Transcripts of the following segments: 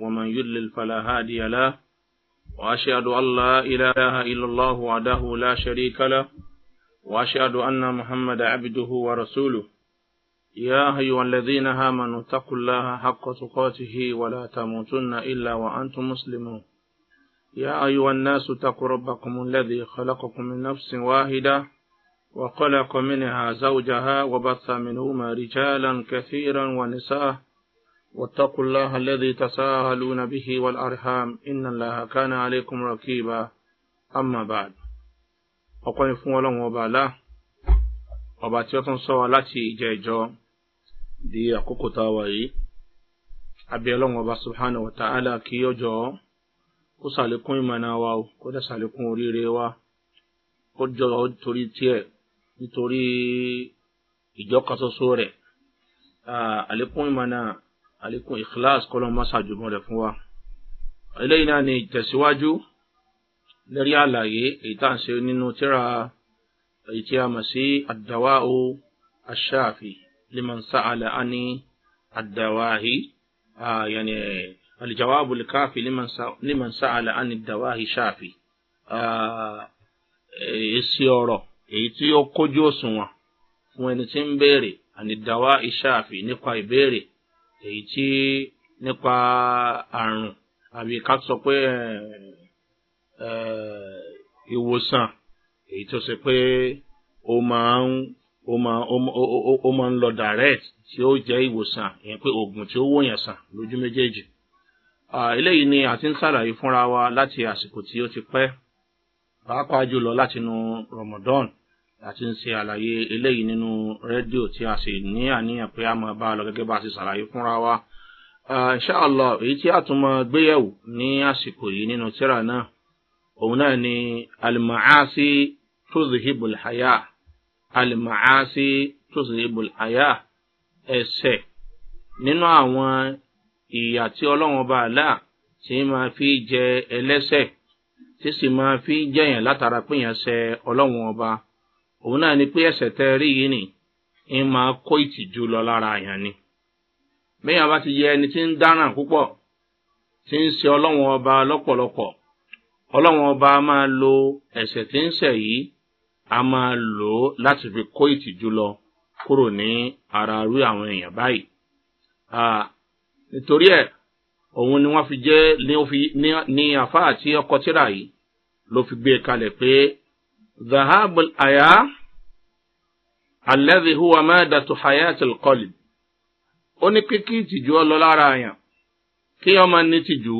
ومن يلل فلا هادي له وأشهد أن لا إله إلا الله وعده لا شريك له وأشهد أن محمد عبده ورسوله يا أيها الذين آمنوا اتقوا الله حق تقاته ولا تموتن إلا وأنتم مسلمون يا أيها الناس اتقوا ربكم الذي خلقكم من نفس واحدة وخلق منها زوجها وبث منهما رجالا كثيرا ونساء واتقوا الله الذي تساهلون به والأرحام إن الله كان عليكم ركيبا أما بعد ọpẹ́ fún ọlọ́run ọba àlá ọba tí ó tún sọ wa láti ìjẹ́ ìjọ di àkókò tá a wà yìí abẹ́ ọlọ́run ọba subhanahu wa ta'ala kí ó jọ kó sàlékún ìmọ̀nà wa o kó dẹ̀ sàlékún oríire wa ó jọ torí tiẹ̀ nítorí ìjọ kan ṣoṣo rẹ̀ àlékún ìmọ̀nà àlékún ikhlas kọ́lọ́n má ṣàjùmọ̀ rẹ̀ fún wa. eléyìí náà ni ìtẹ̀síwájú lórí àlàyé èyí tá à ń ṣe nínú tíra èyí tí a mọ̀ sí ad-dawa'u ash-shafi liman sa'ala ani ad-dawahi yàní al-jawabu al-kafi liman sa'ala ani ad-dawahi èsì ọ̀rọ̀ èyí tí ó kójú òṣùwọ̀n fún ẹni tí ń béèrè àní dawa'i shafi nípa ìbéèrè èyí tí nípa àrùn àbí ká sọ pé ìwòsàn èyí tó ṣe pé ó máa ń ó máa ó máa ń lọ direct tí ó jẹ́ ìwòsàn ìyẹn pé oògùn tí ó wòyàn sàn lójú méjèèjì eléyìí ni a ń ṣàlàyé fúnra wa láti àsìkò tí ó ti pẹ́ pàápàá jùlọ látinú Ramadan àti ń ṣe àlàyé eléyìí nínú rédíò tí a sì ní àníyàn pé a máa bá a lọ gẹ́gẹ́ bá a ṣe ṣàlàyé fúnra wa. inṣàlá èyí tí a tún máa gbéyẹ̀wò ní àsìkò yìí nínú tíra náà òun náà ni alimaasi tuzhibul haya alimaasi tuzhibul haya ẹsẹ̀ nínú àwọn ìyà tí ọlọ́run bá a láà tí máa fi jẹ ẹlẹ́sẹ̀ tí sì máa fi jẹyàn látara pínyàn ọlọ́run ọba òun náà ni pé ẹ̀ṣẹ̀ tẹ́ rí yìí nì ń máa kó ìtìjú lọ lára àyàn ni bẹ́ẹ̀ bá ti yẹ ẹni tí ń dáràn púpọ̀ tí ń ṣe ọlọ́wọ́n ọba lọ́pọ̀lọpọ̀ ọlọ́wọ́n ọba a máa lo ẹ̀ṣẹ̀ tí ń ṣẹ̀ yìí a máa lò ó láti fi kó ìtìjú lọ kúrò ní ara irú àwọn èèyàn báyìí nítorí ẹ̀ òun ni wọ́n fi jẹ́ ní àfáà tí ọkọ tíra yìí ló fi gbé e kalẹ̀ pé ذهاب الأيار الذي هو مادة حياة القلب ó ní pé kí ìtìjú ọ lọ lára àyàn kí ọmọ ní tìjú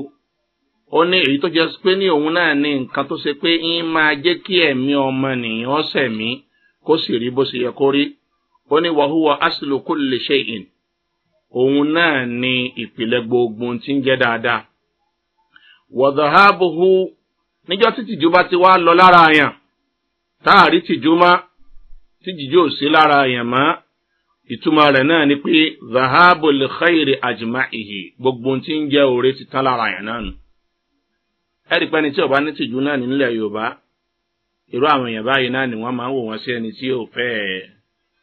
ó ní èyí tó jẹ́ pé ní òun náà ní nǹkan tó ṣe pé ń máa jẹ́ kí ẹ̀mí ọmọ nìyàn sẹ̀mí kó sì rí bó ṣe yẹ kó rí ó ní wàhúwà aslu kulli shay'in òun náà ní ìpìlẹ̀ gbogbo tí ń jẹ́ dáadáa wọ̀dọ̀hábùhù níjọ́ tí tìjú bá ti wá lọ lára àyàn táàrí tìjú mọ́ tí jíjí ò sí lára èèyàn mọ́ ìtumọ̀ rẹ̀ náà ni pé zahabul khairi ajma'ihi gbogbo tí ń jẹ́ òre ti tán lára èèyàn náà nù. ẹ̀rí pẹ́ni tí ọba ní tìjú náà nílẹ̀ yorùbá irú àwọn èèyàn báyìí náà ni wọ́n máa ń wò wọ́n sí ẹni tí ò fẹ́ ẹ̀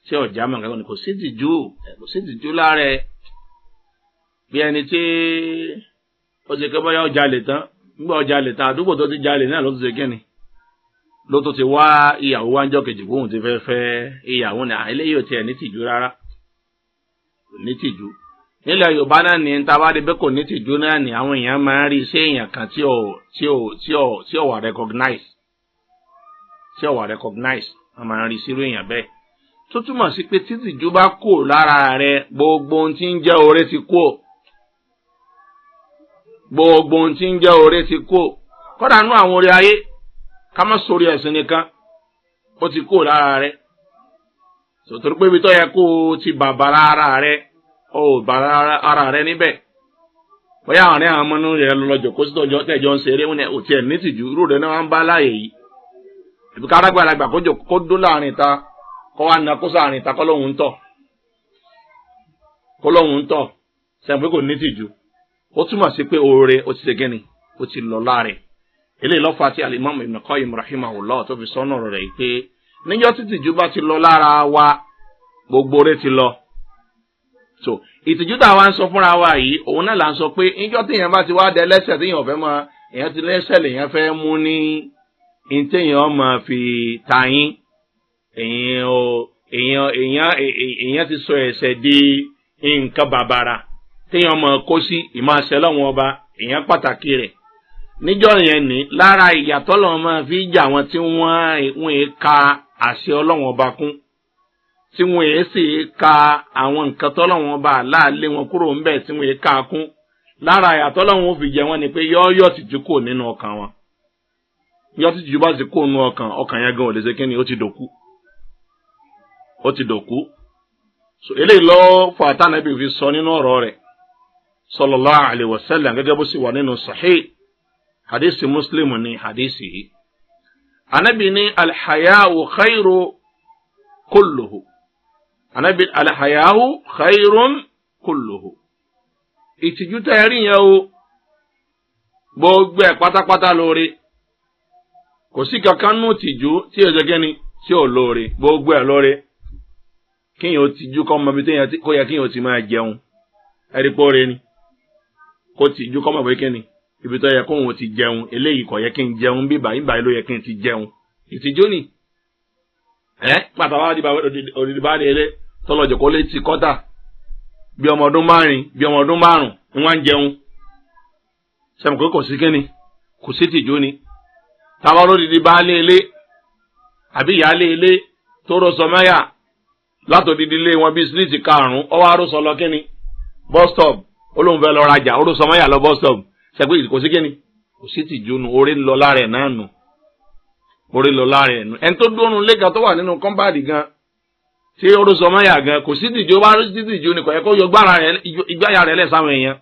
tí ọ̀já mọ̀ kankan kò sí tìjú kò sí tìjú lára ẹ̀ bí ẹni tí ó ṣe kẹ́ bọ́yá ọjà lè tán nígbà ọjà lè tán àdúgbò tó ti jalè náà ló ti ló tó ti wá ìyàwó wájọ́ kejì bóun ti fẹ́ fẹ́ ìyàwó ni eléyìí ò tiẹ̀ ní tìjú rárá kò ní tìjú nílẹ̀ yorùbá náà ní tabade bẹ́ẹ̀ kò ní tìjú náà ní àwọn èèyàn máa ń rí iṣẹ́ èèyàn kan tí ò tí ò tí ò tí ò wà recognize tí ò wà recognize wọ́n máa ń rí sírú èèyàn bẹ́ẹ̀ tó túmọ̀ sí pé títìjú bá kò lára rẹ gbogbo ohun tí ń jẹ́ oore ti kó gbogbo ohun tí ń jẹ́ oore ti kó kọ́dà nú àwọn orí ayé kama sori ori ẹ̀sìn nìkan ó ti kó lára rẹ̀ sòtòrí pé ibi tó yẹ kó o ti bàbá ara rẹ̀ ó bàbá ara rẹ̀ níbẹ̀ bóyá àárín àwọn ọmọnú rẹ̀ lọ́jọ́ kó sítọ́jọ́ tẹ̀jọ́ ń ṣeré wọn ò tiẹ̀ ní tìjú irú rẹ̀ náà ń bá láàyè yìí gbà kó jò láàrin ta kó wá na kó sáàrin ta kó lóun kó lóun sẹ́yìn pé kò ní tìjú oore ó ti ṣe gẹ́ni ó eléyìí lọ́fà tí alimami ibn qayyim rahimahullah tó fi sọ́nà ọ̀rọ̀ rẹ̀ pé níjọ́ tí bá ti lọ lára wa gbogbo rẹ̀ ti lọ. so ìtìjú tá a wá ń sọ fúnra wa yìí òun náà là ń sọ pé níjọ́ tí èèyàn bá ti wá dẹ lẹ́sẹ̀ tí èèyàn fẹ́ mọ èèyàn ti lẹ́sẹ̀ lèèyàn fẹ́ mú ní ìtẹ̀yàn mọ̀ fi ta yín èèyàn ti sọ ẹ̀sẹ̀ di nǹkan bàbàrà téèyàn mọ̀ kó sí ìmọ̀ àṣẹ lọ́wọ́n ọba èèyàn pàtàkì rẹ̀ níjọ́ yẹn ní lára ìyàtọ̀ lọ́wọ́ máa fi jà wọn tí wọ́n ń ka àṣẹ ọlọ́wọ́n ọba kún tí wọ́n ń sì ka àwọn nǹkan tọ́lọ́wọ́n ọba láàlé wọn kúrò ńbẹ̀ tí wọ́n ń ka kún lára ìyàtọ̀ lọ́wọ́n fi jẹ wọn ni pé yọ́ọ́yọ́ tìjú kò nínú ọkàn wọn yọ́ọ́ tìjú bá ti kó nínú ọkàn ọkàn yẹn gan ò lè ṣe kíni ó ti dòkú ó ti dòkú so eléyìí lọ fọ àtànàbì fi sọ nínú ọ̀rọ̀ rẹ̀ sọlọ́lá àlè wọ̀sẹ̀lẹ̀ gẹ́gẹ́ bó sì wà nínú sàhéè hadisi muslim ni hadisi yìí anabi ni alhayahu khairu kulluhu anabi alhayahu khairun kulluhu ìtìjú tẹ ẹrí yẹn o gbogbo ẹ pátápátá lóore kò sí kankan nù tìjú tí o jẹgẹ ni tí o lóore gbogbo ẹ lóore kíyàn ó tìjú kọ́ mọ̀ bí kò yẹ kíyàn ó ti máa jẹun ẹ̀rí pọ́ọ́re ni kò tìjú kọ́ mọ̀ bí kíni ibi tó yẹ kó òun ti jẹun eléyìí kò yẹ kí n jẹun bí báyìí báyìí ló yẹ kí n ti jẹun ìtìjú ni ẹ pàtàkì wàá di òdìdí bá rèé lé tọlọjọ kó lè ti kọta bí ọmọ ọdún márùn bí ọmọ ọdún márùn ni wọn ń jẹun sẹmu pé kò sí kíni kò sí tìjú ni táwa lódìdí bá lé ilé àbí ìyá lé ilé tó rọ sọmẹyà látòdìdí ilé wọn bíi sílíìtì karùnún ọwọ arúsọ lọ kíni bus olóhùn fẹ́ lọ rajà orúsọ lọ bus ṣẹ́gbẹ́ kò sí kíni kò sí tìjú nu orí lọ lára ẹ̀ náà nù orí lọ lára ẹ̀ nù ẹni tó dúró lẹ́gà tó wà nínú kọ́mpáàdì gan tí oró sọmọ yà gan kò sí tìjú bá sí tìjú ni kò yẹ kó yọ igbáyà rẹ̀ lẹ̀ sáwọn èèyàn.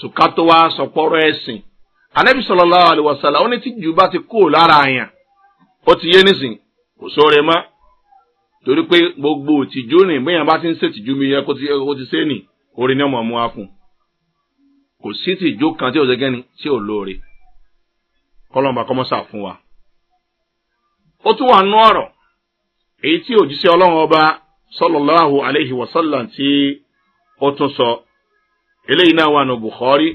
sùkátó wa sọpọ́rọ́ ẹ̀sìn anabi sallallahu alaihi ó ní tìjú bá ti kó lára àyàn ó ti yé nísìn kò sóore mọ́ torí pé gbogbo òtìjú ni bóyá orin ni ọmọ mú wa kò sí ti ìjó kan tí ò ṣe tí ò lóore fún wa. ó tún wà nú ọ̀rọ̀ èyí tí òjíṣẹ́ ọlọ́run ọba aleyhi wa sallam tí ó tún sọ eléyìí náà wà nù bukhari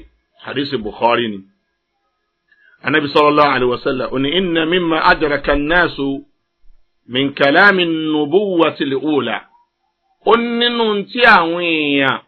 hadisi bukhari ni. anabi sọlọ́láhu aleyhi wa sallam òní inna mímọ adaraka min kalami ó nínú tí àwọn èèyàn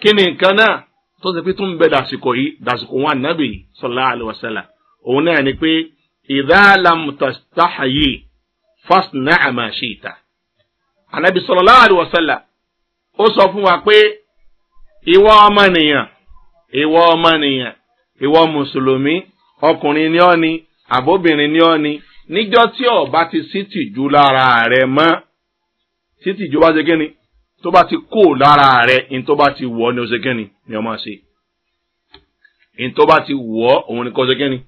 kini ni nǹkan náà tó ṣe pé tó ń bẹ dàsìkò yìí dàsìkò wọn ànábì yìí sallallahu alaihi wasallam òun náà ni pé idha lam tastahayi fasna' ma shi'ta anabi sallallahu alaihi wasallam ó sọ fún wa pé ìwọ ọmọnìyàn ìwọ ọmọnìyàn ìwọ mùsùlùmí ọkùnrin ni ọ́ ni àbóbìnrin ni ọ́ ni níjọ́ tí o bá ti sí tìjú lára rẹ̀ mọ́ sí tìjú bá ṣe kí ni tó bá ti kó lára rẹ ní tó bá ti wọ̀ ni o ṣe kẹ́ni ni o máa ṣe ní tó bá ti wọ̀ òun ni kò ṣe kẹ́ni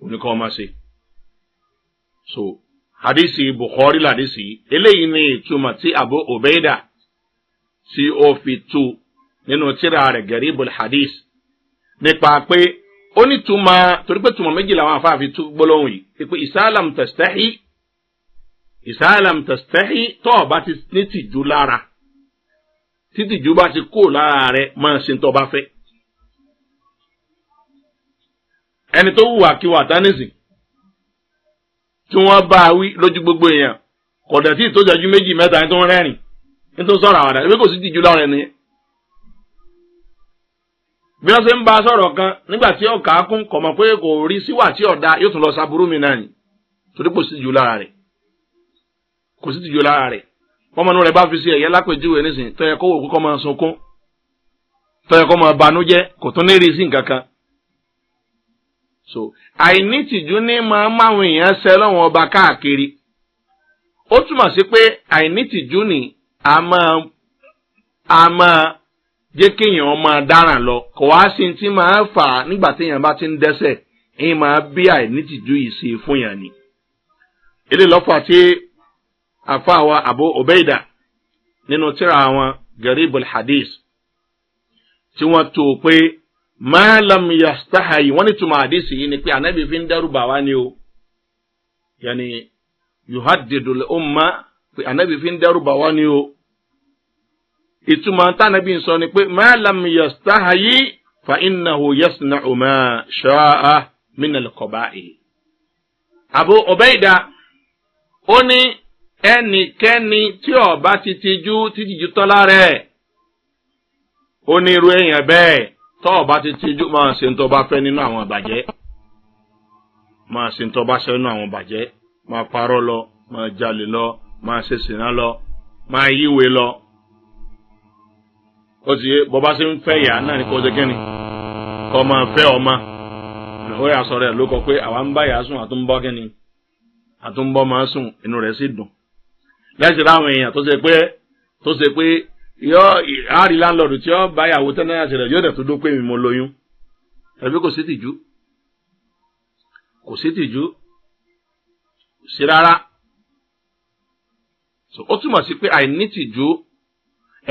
òun ni kò máa ṣe. so hadisi bukhari ladisi eléyìí ni ìtumọ̀ tí abu obeida tí ó fi tu nínú tíra rẹ̀ garibul hadis nípa pé ó ní tuma torí pé tuma méjì làwọn afáàfin tú gbólóhùn yìí pé isaalam tastahi isaalam tastahi tó bá ti ní tìjú lára títìjú bá ti kó lára rẹ máa ṣe tó bá fẹ́ ẹni tó wùwà kí wà tánìsì tí wọ́n bá a wí lójú gbogbo èèyàn kọ̀dà tí ìtọ́jú méjì mẹ́ta ẹni tó ń rẹ́rìn ẹni tó ń sọ̀rọ̀ àwàdà ẹbí kò sí tìjú láwọn ẹni yẹn bí wọ́n ṣe ń bá a sọ̀rọ̀ kan nígbà tí ọ̀ka kún kọ̀ mọ̀ pé kò rí síwà tí ọ̀dà yóò tún lọ sa burú mi náà ni torí kò sí tìjú lára rẹ̀ kò sí tìjú lára rẹ̀ kọ́mọnú rẹ̀ bá fi sí ẹ̀yẹ lápèjúwe nísìn tọ́yẹ kó wò kó kọ́mọ sunkún tọ́yẹ kọ́mọ banújẹ́ kò tún ní rí sí so àìnítìjú ní máa máwọn èèyàn ṣẹ lọ́wọ́n ọba káàkiri ó túmọ̀ sí pé àìnítìjú ní a máa a máa jẹ́ kéèyàn máa dáràn lọ kò wá sí ti máa fà á nígbà téèyàn bá ti ń dẹ́sẹ̀ èyí máa bí àìnítìjú yìí ṣe fún yàn ni. ilé lọ́fà tí afaawa abu obeida nínú tíra àwọn garibul hadith tí wọ́n tó pé maalam yastahayi wọ́n ní tuma hadith yìí ni pé anabi fi ń dẹ́rù bàwá ni o yàní yuhadidu umma pé anabi fi ń dẹ́rù bàwá ni o ìtumọ̀ tánàbí ń sọ ni pé maalam yastahayi fa innahu yasna'u ma sha'a min al-qaba'i abu obeida ó ní. ẹnikẹ́ni tí ọba ti tijú ti tijú tọ́lá rẹ̀ ó ní irú èèyàn bẹ́ẹ̀ tọ́ ọba ti tijú máa ṣe ń fẹ́ nínú àwọn ìbàjẹ́ máa ṣe ń tọ́ba nínú àwọn ìbàjẹ́ máa parọ́ lọ máa jalè lọ máa ṣe sìnà lọ máa yíwe lọ ó ti yé bọba ṣe ń fẹ́ ìyá náà ní kó ṣe kíni kọ́ máa fẹ́ ọmọ ó yà sọ rẹ̀ ló kọ pé àwa ń bá ìyá sùn àtúnbọ́ kíni àtúnbọ́ máa sùn inú rẹ̀ sì dùn. lẹ́sìn láwọn èèyàn tó ṣe pé tó ṣe pé yọ àárín láńlọ́ọ̀dù tí ó bá ìyàwó tẹ́lẹ̀ ṣẹlẹ̀ yóò dẹ̀ tó dó mi mo lóyún ẹbí kò sí tìjú kò sí tìjú kò sí rárá so ó túmọ̀ sí pé àìní tìjú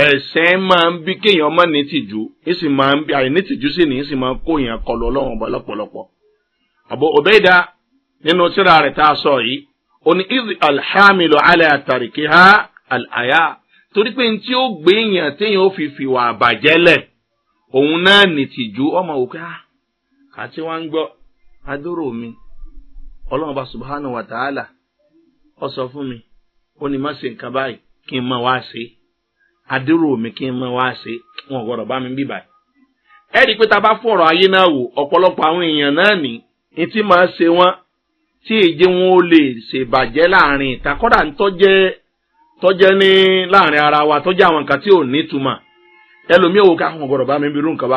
ẹ̀sẹ̀ máa ń bí kéèyàn má ní tìjú isi sì máa ń bí àìní tìjú sì ní sì máa ń kó èèyàn kọlu ọlọ́run ni ìdí alhamilu alẹ́ àtàríkì ha àyà torí pé tí ó gbé èèyàn téèyàn ó fi fìwà àbàjẹ́ lẹ̀ òun náà nìtìjú ọmọ òkè ah, àti ń gbọ́ adúrò mi ọlọ́run bá subahana wa ta'ala ọ sọ fún mi ó ní má ṣe nǹkan báyìí kí n mọ wá ṣe adúrò mi kí n mi bí báyìí. ẹ rí i pé tá a bá fọ̀rọ̀ ayé tí èjì wọn ò lè ṣèbàjẹ́ láàrin ìta kọ́dà tọ́jẹ́ tọ́jẹ́ ní láàrin ara wa tọ́jẹ́ àwọn nǹkan tí ò ní túmọ̀ ẹlòmíì òwò káwọn ah, gbọdọ̀ bá mi bí báyìí mi bá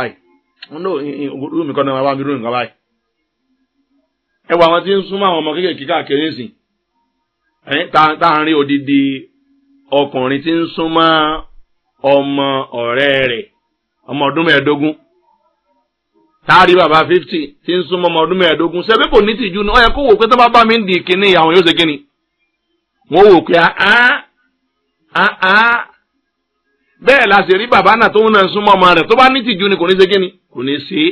mi wà tí ń súnmọ́ ọmọ kéékèèké káàkiri sí odidi ọkùnrin tí ń ọmọ ọ̀rẹ́ rẹ̀ ọmọ ọdún taari baba fifty ti n súnmọ́ ọmọ ọdún mẹ́ẹ̀ẹ́dógún ṣebí kò ní tìjú ni ó yẹ kó wò pé mi ń di ìkíní yóò ṣe kíni wọ́n wò pé áá áá bẹ́ẹ̀ la ṣe rí bàbá náà tó ń náà súnmọ́ ni kò ní ṣe kíni kò ní ṣe é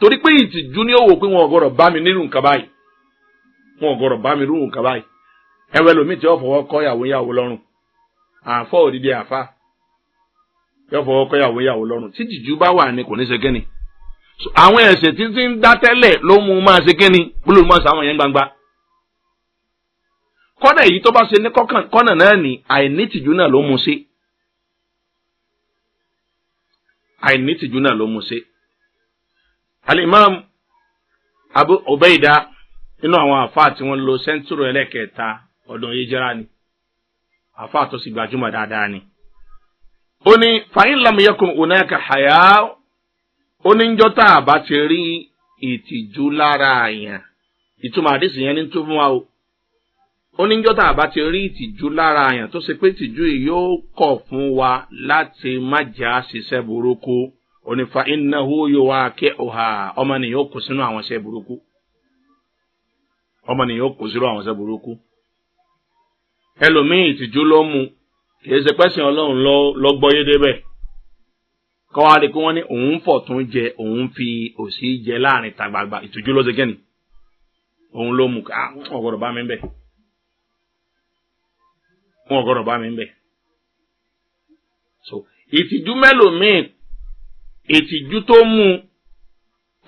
torí pé ìtìjú ni ó wò pé wọn ò bá mi nínú nǹkan báyìí wọn ò bá mi nínú nǹkan báyìí lomi fọwọ́ àwọn ẹ̀ṣẹ̀ títí ń dá tẹ́lẹ̀ ló mú máa ṣe kíni ló mú máa ṣe àwọn yẹn gbangba kọ́nà èyí tó bá ṣe ní kọ́nà náà ní àìnítìjú náà ló mú sí àìnítìjú náà ló mú sí alimam abu obeida nínú àwọn àfáà tí wọ́n lo sẹ́ńtúrò ẹlẹ́kẹta ọdún yíjára ni àfáà tó sì gbajúmọ̀ dáadáa ni ó ní fàyín lamuyẹkùn ònà kàhàyà. ó ní njọ́ tá a bá ti rí ìtìjú lára àyàn ìtumọ̀ àdìsí yẹn ní tó o ó ní njọ́ tá a bá ti rí ìtìjú lára àyàn tó ṣe pé ìtìjú yóò kọ̀ fún wa láti má jà ṣiṣẹ́ burúkú onífa wa kẹ́ ọ̀hà ọmọnìyàn ó kó sínú àwọn ṣẹ́ burúkú ọmọnìyàn ó kó sínú àwọn ṣẹ́ kọ́ wa rí i pé wọ́n ní òun fọ̀ tún jẹ òun fi òsì jẹ láàrin ta gbagba ìtújú ló ṣe kẹ́ni òun ló mú ká ah, wọn gbọdọ̀ bá mi ń bẹ̀ wọn gbọdọ̀ bá mi ń bẹ̀ so ìtìjú mẹ́lòmíì ìtìjú tó mú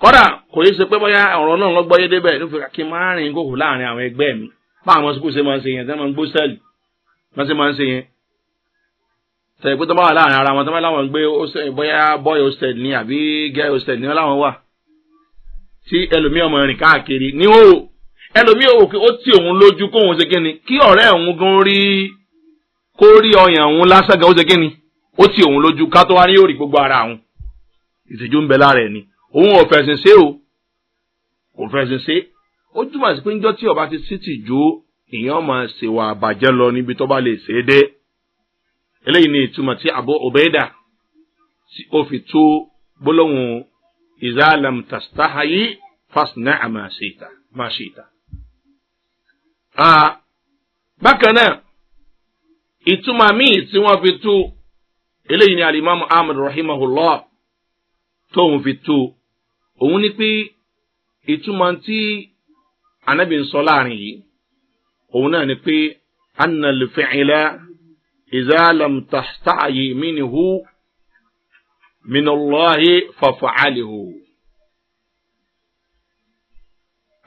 kọ́dà kò yẹ ṣe pé bóyá ọ̀rọ̀ náà lọ́gbọ́ yé débẹ̀ ló fi kàkí máa rìn kókò láàrin àwọn ẹgbẹ́ mi báwọn ọmọ sukùl ṣe máa ń ṣe yẹn tẹ ìpín tó bá wà láàrin ara wọn tó bá láwọn gbé bóyá boy hostel ni àbí girl hostel ni wọn láwọn wà tí ẹlòmíì ọmọ rìn káàkiri ní o ẹlòmíì òkè ó ti òun lójú kóun ṣe kí ni kí ọ̀rẹ́ òun gan rí kó rí ọyàn òun lásán gan ó ṣe kí ni ó ti òun lójú ká tó wá ní yóò rí gbogbo ara òun ìtìjú ń bẹ lára ẹ̀ ni òun ò fẹ̀sìn ṣe o kò fẹ̀sìn ṣe ó túmọ̀ sí pé níjọ́ tí ọba ti sí tìjú ìyẹn ọmọ ṣèwà àbàjẹ́ lọ níbi tó bá lè ṣe é dé eléyìí ni ìtumọ̀ tí Abu Ubaida tí ó fi tó gbólóhùn ìzálàm tàstáhayí fásnà àmàṣìta máṣìta. bákan náà ìtumọ̀ míì tí wọ́n fi tú eléyìí ni alimami ahmed rahimahullah tóun fi tú òun ni pé ìtumọ̀ tí anabi ń sọ láàrin yìí òun náà ni pé anna lè ilẹ̀. إذا لم تستعي منه من الله ففعله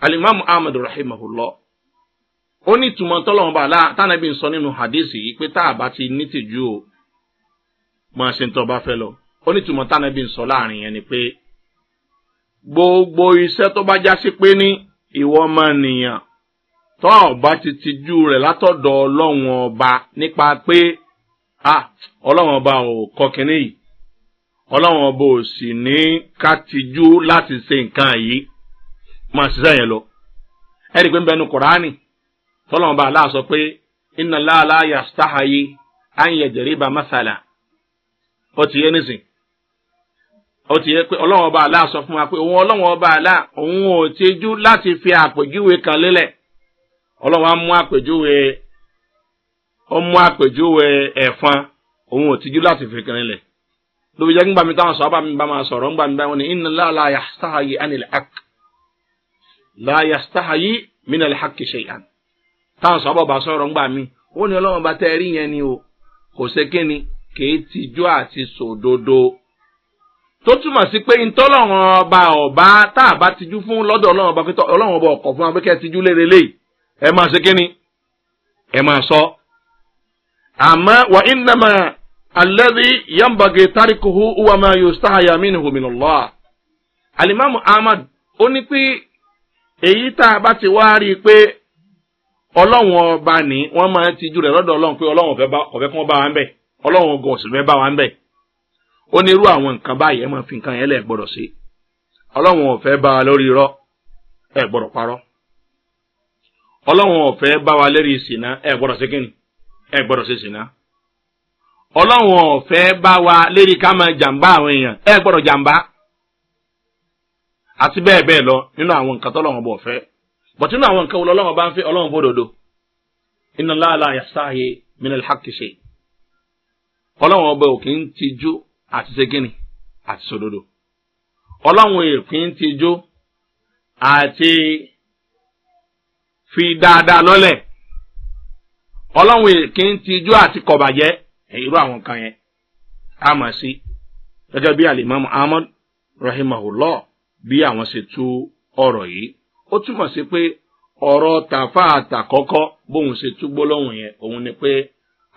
alimami ahmed rahimahullah ó ní ìtumọ̀ tọ́lọ́wọ́n bá tánàbí ń sọ nínú hadith yìí pé tá a bá ti ní tìjú o máa ṣe ń tọ́ bá fẹ́ lọ ó ní ìtumọ̀ tánàbí ń sọ láàrin yẹn ni pé gbogbo iṣẹ́ tó bá já sí pé ní ìwọ máa nìyàn tọ́ ọba ti tijú rẹ̀ látọ̀dọ̀ ọlọ́run ọba nípa pé ọlọ́run ọba ò kọ́ kínní yìí ọlọ́run ọba ò sì ní ká tijú láti ṣe nǹkan yìí máa ṣiṣẹ́ yẹn lọ. ẹ̀rí pé ń bẹnu kùránì tọ́lọ́run ọba aláà sọ pé iná láàlá ó ti yé nísìn ó ti yẹ pé ọlọ́run ọba aláà sọ fún wa pé òun ọlọ́run ọba aláà òun ò ọlọ́wọ́n á mú àpèjúwe ó mú àpèjúwe ẹ̀fọn òun ò tijú láti fi kiri lẹ̀ lóbi jẹ́ ńgbà mi táwọn sọ̀rọ̀ bá mi bá máa sọ̀rọ̀ ńgbà mi bá wọn ni inna la la yastahayi anil haq la yastahayi minal haq shay'an táwọn sọ̀rọ̀ bá sọ̀rọ̀ ńgbà mi ó ní ọlọ́wọ́n bá tẹ́ rí yẹn ni o kò ṣe kí ni kì í tijú àti sòdodo tó túmọ̀ sí pé ntọ́lọ́run ọba ọba tá a bá tijú fún lọ́dọ̀ ọlọ́run ọba pé ọlọ́run ọba ọkọ̀ fún wa pé kẹ́ tijú lérelé yìí ẹ máa ṣe kíni ẹ máa sọ. àmọ́ wà ìnàmà alẹ́dí yambage tarikuhu uwa ma yustahaya minhu minallah. alimami ahmad ó ní pé èyí tá a bá ti wá rí i pé ọlọ́run ọba ni wọ́n máa ti ju rẹ̀ lọ́dọ̀ pe pé ọlọ́run ọ̀fẹ́ bá wa ń bẹ̀ ọlọ́run ọgọ̀ sì fẹ́ bá wa ń bẹ̀ ó ní irú àwọn nǹkan báyìí ẹ máa fi nǹkan yẹn lẹ̀ bá ọlọ́run ọ̀fẹ́ bá wa lérí ìsìná ẹ gbọ́dọ̀ sí kíni ẹ gbọ́dọ̀ sí ọlọ́run ọ̀fẹ́ bá wa lérí ká máa jàǹbá àwọn èèyàn ẹ gbọ́dọ̀ jàǹbá àti bẹ́ẹ̀ bẹ́ẹ̀ lọ nínú àwọn nǹkan tọ́lọ́run bọ̀ fẹ́ bọ̀tí nínú àwọn nǹkan wo lọ́lọ́run bá ń fẹ́ fi dáadáa lọ́lẹ̀ ọlọ́run èké ń tijú àti kọ̀bàjẹ́ irú àwọn kan yẹn a mọ̀ sí gẹ́gẹ́ bí alimami ahmed rahimahullah bí àwọn ṣe tú ọ̀rọ̀ yìí ó túmọ̀ sí pé ọ̀rọ̀ tàfà àtàkọ́kọ́ bóun ṣe tú gbólóhùn yẹn òun ni pé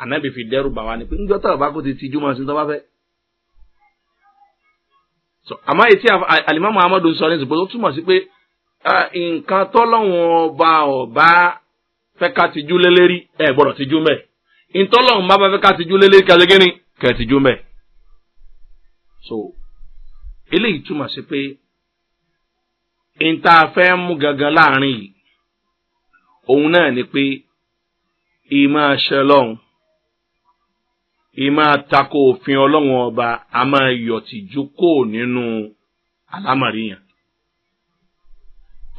ànábì fi dẹ́rù bà wá ni pé níjọ́ tàbá kó ti tijú mọ́ sí tó bá fẹ́. àmọ́ ètí alimami ahmed sọ ní ìsìnkú ó túmọ̀ sí pé Ah, nǹkan tọ́lọ́wọ́n ọba ọba fẹ́ ká tijú lélẹ́rí ẹ̀ gbọ́dọ̀ tijú mẹ́ ntọ́lọ́wọ́n bá fẹ́ ká tijú lélẹ́rí kẹsẹ̀ kí ni kẹ̀ tijú mẹ́. so eléyìí túmọ̀ sí pé nta fẹ́ mú gangan láàrin yìí òun náà ni pé ìmọ̀ ṣe lọ́hùn ìmọ̀ tako òfin ọlọ́wọ́n ọba a máa yọ̀tìjú kò nínú àlámọ̀rí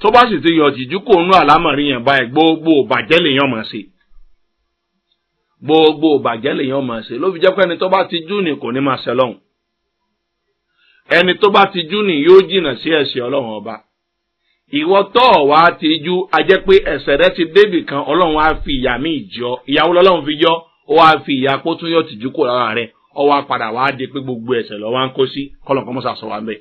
tó bá sì ti yọ tìjú kò nú àlámọ̀rí yẹn báyìí gbogbo bàjẹ́ lèèyàn mọ̀ sí gbogbo bàjẹ́ lèèyàn mọ̀ sí ló fi jẹ́ pé ẹni tó bá ti jú ni kò ní máa ṣe lọ́hùn ẹni tó bá ti jú ni yóò jìnnà sí ẹ̀sìn ọlọ́run ọba ìwọ tọ́ ọ̀wá ti jú a jẹ́ pé ẹ̀sẹ̀ rẹ ti débì kan ọlọ́run á fi ìyá mi jọ ìyàwó lọ́lọ́run fi yọ ó wá fi ìyá pótúnyọ̀ tìjú kò lára rẹ ọ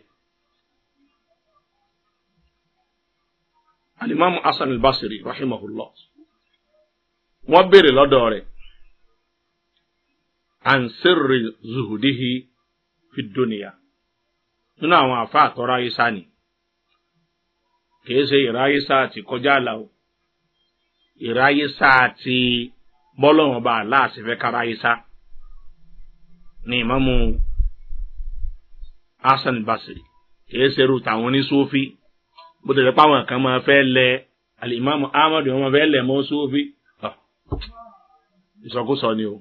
alimami hasan albasiri rahimahullah wọ́n béèrè lọ́dọ̀ rẹ̀ ansirri zuhudihi fi duniya nínú àwọn àfa àtọ́rọ ayísá ni kìí ṣe ìráyísá ti kọjá àlà o ìráyísá ti bọ́lọ́wọ́n bá aláàṣẹfẹ́ káráyísá ni ìmáàmù hasan basiri kìí ṣe irú tàwọn oníṣòfin bó tẹ̀lé pàwọn kan máa fẹ́ lẹ alimami ahmadu wọn máa fẹ́ lẹ mọ́ sófi ìsọkúsọ ni o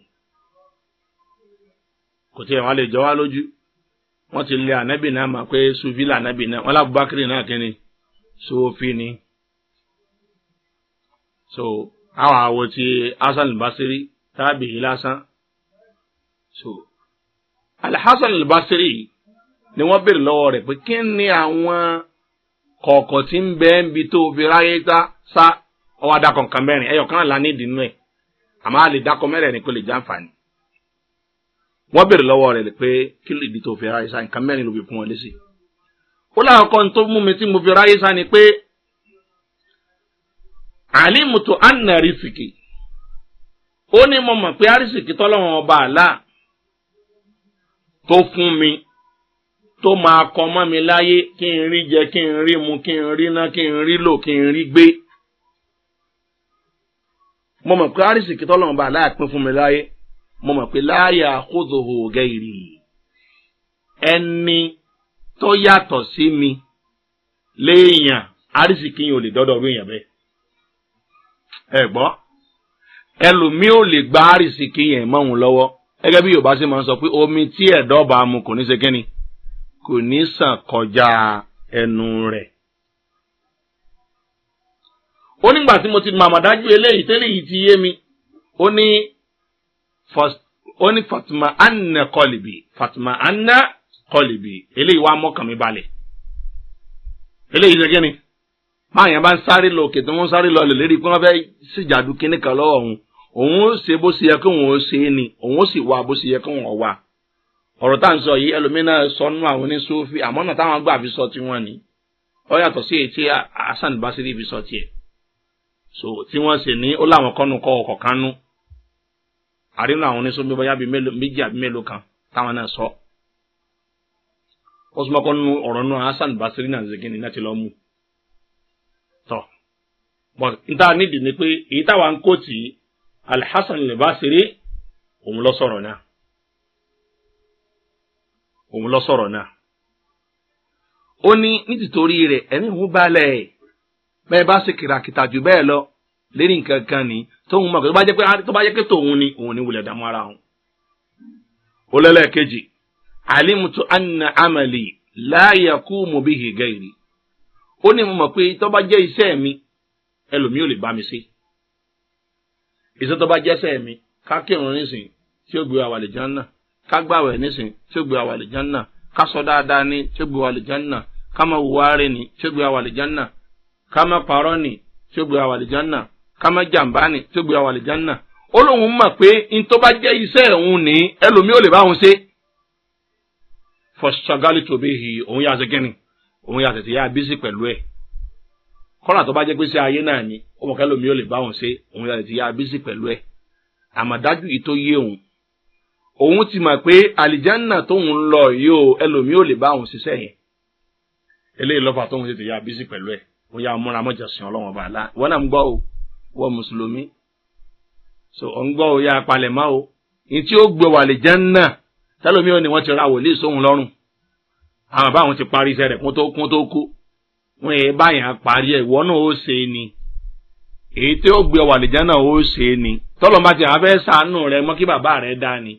kò tí ẹ̀ wọ́n lè jọ wá lójú wọ́n ti lé ànábì náà mà pé sufi là ànábì náà wọ́n lábùbákiri náà kí sófi ni so àwọn àwọ̀ ti hasan al-basiri tábì yìí lásán so alhassan al-basiri ni wọ́n béèrè lọ́wọ́ rẹ̀ pé kí ni àwọn kọ̀ọ̀kọ̀ tí ń bẹ́ẹ̀ ń bi tó o fi ráyé sá sá ọwọ́ adakọ̀ nǹkan mẹ́rin ẹ̀yọ̀ kan là ní ìdínú ẹ̀ àmọ́ lè dakọ̀ mẹ́rin ni kò lè jàǹfààní. wọ́n béèrè lọ́wọ́ rẹ̀ pé kí ló ìdí tó o fi ráyé sá nǹkan mẹ́rin ló fi fún wọn lé ó láwọn kan tó mú mi tí mo fi ráyé sá ni pé àlímùtò ànà rìsìkì ó ní mo mọ̀ pé àrísìkì tọ́lọ́wọ́n ọba àlá tó fún mi tó máa kọ mọ́ mi láyé kí n rí jẹ kí n rí mu kí n rí ná kí n rí lò kí n rí gbé. mo mọ̀ pé àrísìkí tọ́lọ́run bá láàpín fún mi láyé mo mọ̀ pé láàyè àkóso ògẹ́ ìrì ẹni tó yàtọ̀ sí mi léèyàn àrísìkí yìí ò lè dọ́dọ̀ ọdún èèyàn bẹ́ẹ̀. ẹ gbọ́ ẹlòmíì ò lè gba àrísìkí yẹn mọ́ òun lọ́wọ́ gẹ́gẹ́ bí yorùbá ṣe máa ń sọ pé omi tí ẹ̀dọ́ bá mu kò ní ṣe kínni kò ní sàn kọjá ẹnu rẹ̀. ó nígbà tí mo ti mọ̀ àmọ̀dájú eléyìí tẹ́lẹ̀ yìí ti yé mi ó ní ó ní fatima anna kọlìbì fatima anna kọlìbì eléyìí wàá mọ́kàn mi balẹ̀ eléyìí ṣe kíni báyìí bá ń sáré lọ òkè tí wọ́n ń sáré lọ lè lérí pé wọ́n fẹ́ ṣèjàdù kíní kan lọ́wọ́ òun òun ó ṣe bó ṣe yẹ kí òun ó ṣe é ni òun ó sì wá bó ṣe yẹ kí òun ó wá. ọ̀rọ̀ tá à ń sọ yìí ẹlòmínà sọ nínú àwọn oníṣòfì àmọ́ náà táwọn gbà fi sọ tiwọn ni ọ yàtọ̀ sí èyí hasan basiri fi sọ tiẹ̀ so tí wọ́n sì ní ó láwọn kọ́nu kọ́ ọkọ̀ kan nú àrínú àwọn oníṣòfì bóyá bíi méjì àbí mélòó kan táwọn náà sọ ó súnmọ́ kọ́ nínú ọ̀rọ̀ na hasan basiri náà mú tọ́ nídìí ni pé èyí òun lọ sọ̀rọ̀ náà ó ní ntitori rẹ̀ ẹ̀mí òun balẹ̀ bẹ́ẹ̀ bá ṣe kìràkìtà jù bẹ́ẹ̀ lọ lérí nǹkan kan ni tóun mọ̀ tó bá jẹ́ ni òun ni wulẹ̀ ara òun. ó lẹ́lẹ́kejì alimutu anna amali láàyè kú mo bí hìgẹ́ ìrì ó ní mo mọ̀ pé tó bá mi ẹlòmíì ò lè mi sí iṣẹ́ tó bá jẹ́ mi ká kírun nísìnyí tí ó gbé ka gbàwẹ̀ nísìn tí ó gbé wa wà àlìjánà ká sọ dáadáa ní tí ó gbé wa àlìjánà ká má wùwá rẹ̀ ní tí ó gbé wa wà àlìjánà ká má parọ́ ní tí ó gbé wa pé n òun ò ṣe fọṣọgálì òun yà òun yà tètè yà bísí tó bá pé sí ayé náà ni ò ṣe òun yà tètè yà bísí àmọ̀dájú yìí tó òun ti mọ̀ pé àlìjánà tóun lọ yìí o ẹlòmíì ò lè bá òun ṣiṣẹ́ yẹn eléyìí lọ́fà tóun tètè ya bísí pẹ̀lú ẹ̀ ó yà múra mọ́jà sìn ọlọ́wọ́n bá a la wọ́n náà ń gbọ́ o wọ́n mùsùlùmí so ọ̀ ń gbọ́ o yà apalẹ̀ mọ́ o ní tí ó gbé wàlìjánà tẹlómíì ò ní wọ́n ti ra wòlíì sóhun lọ́rùn àwọn bá àwọn ti parí iṣẹ́ rẹ̀ kún tó kún tó kú wọ́n yẹ báyà parí ẹ̀ ìwọ náà ó ṣe ni èyí tí ó gbé wàlìjánà ó ṣe ni tọ́lọ́mọ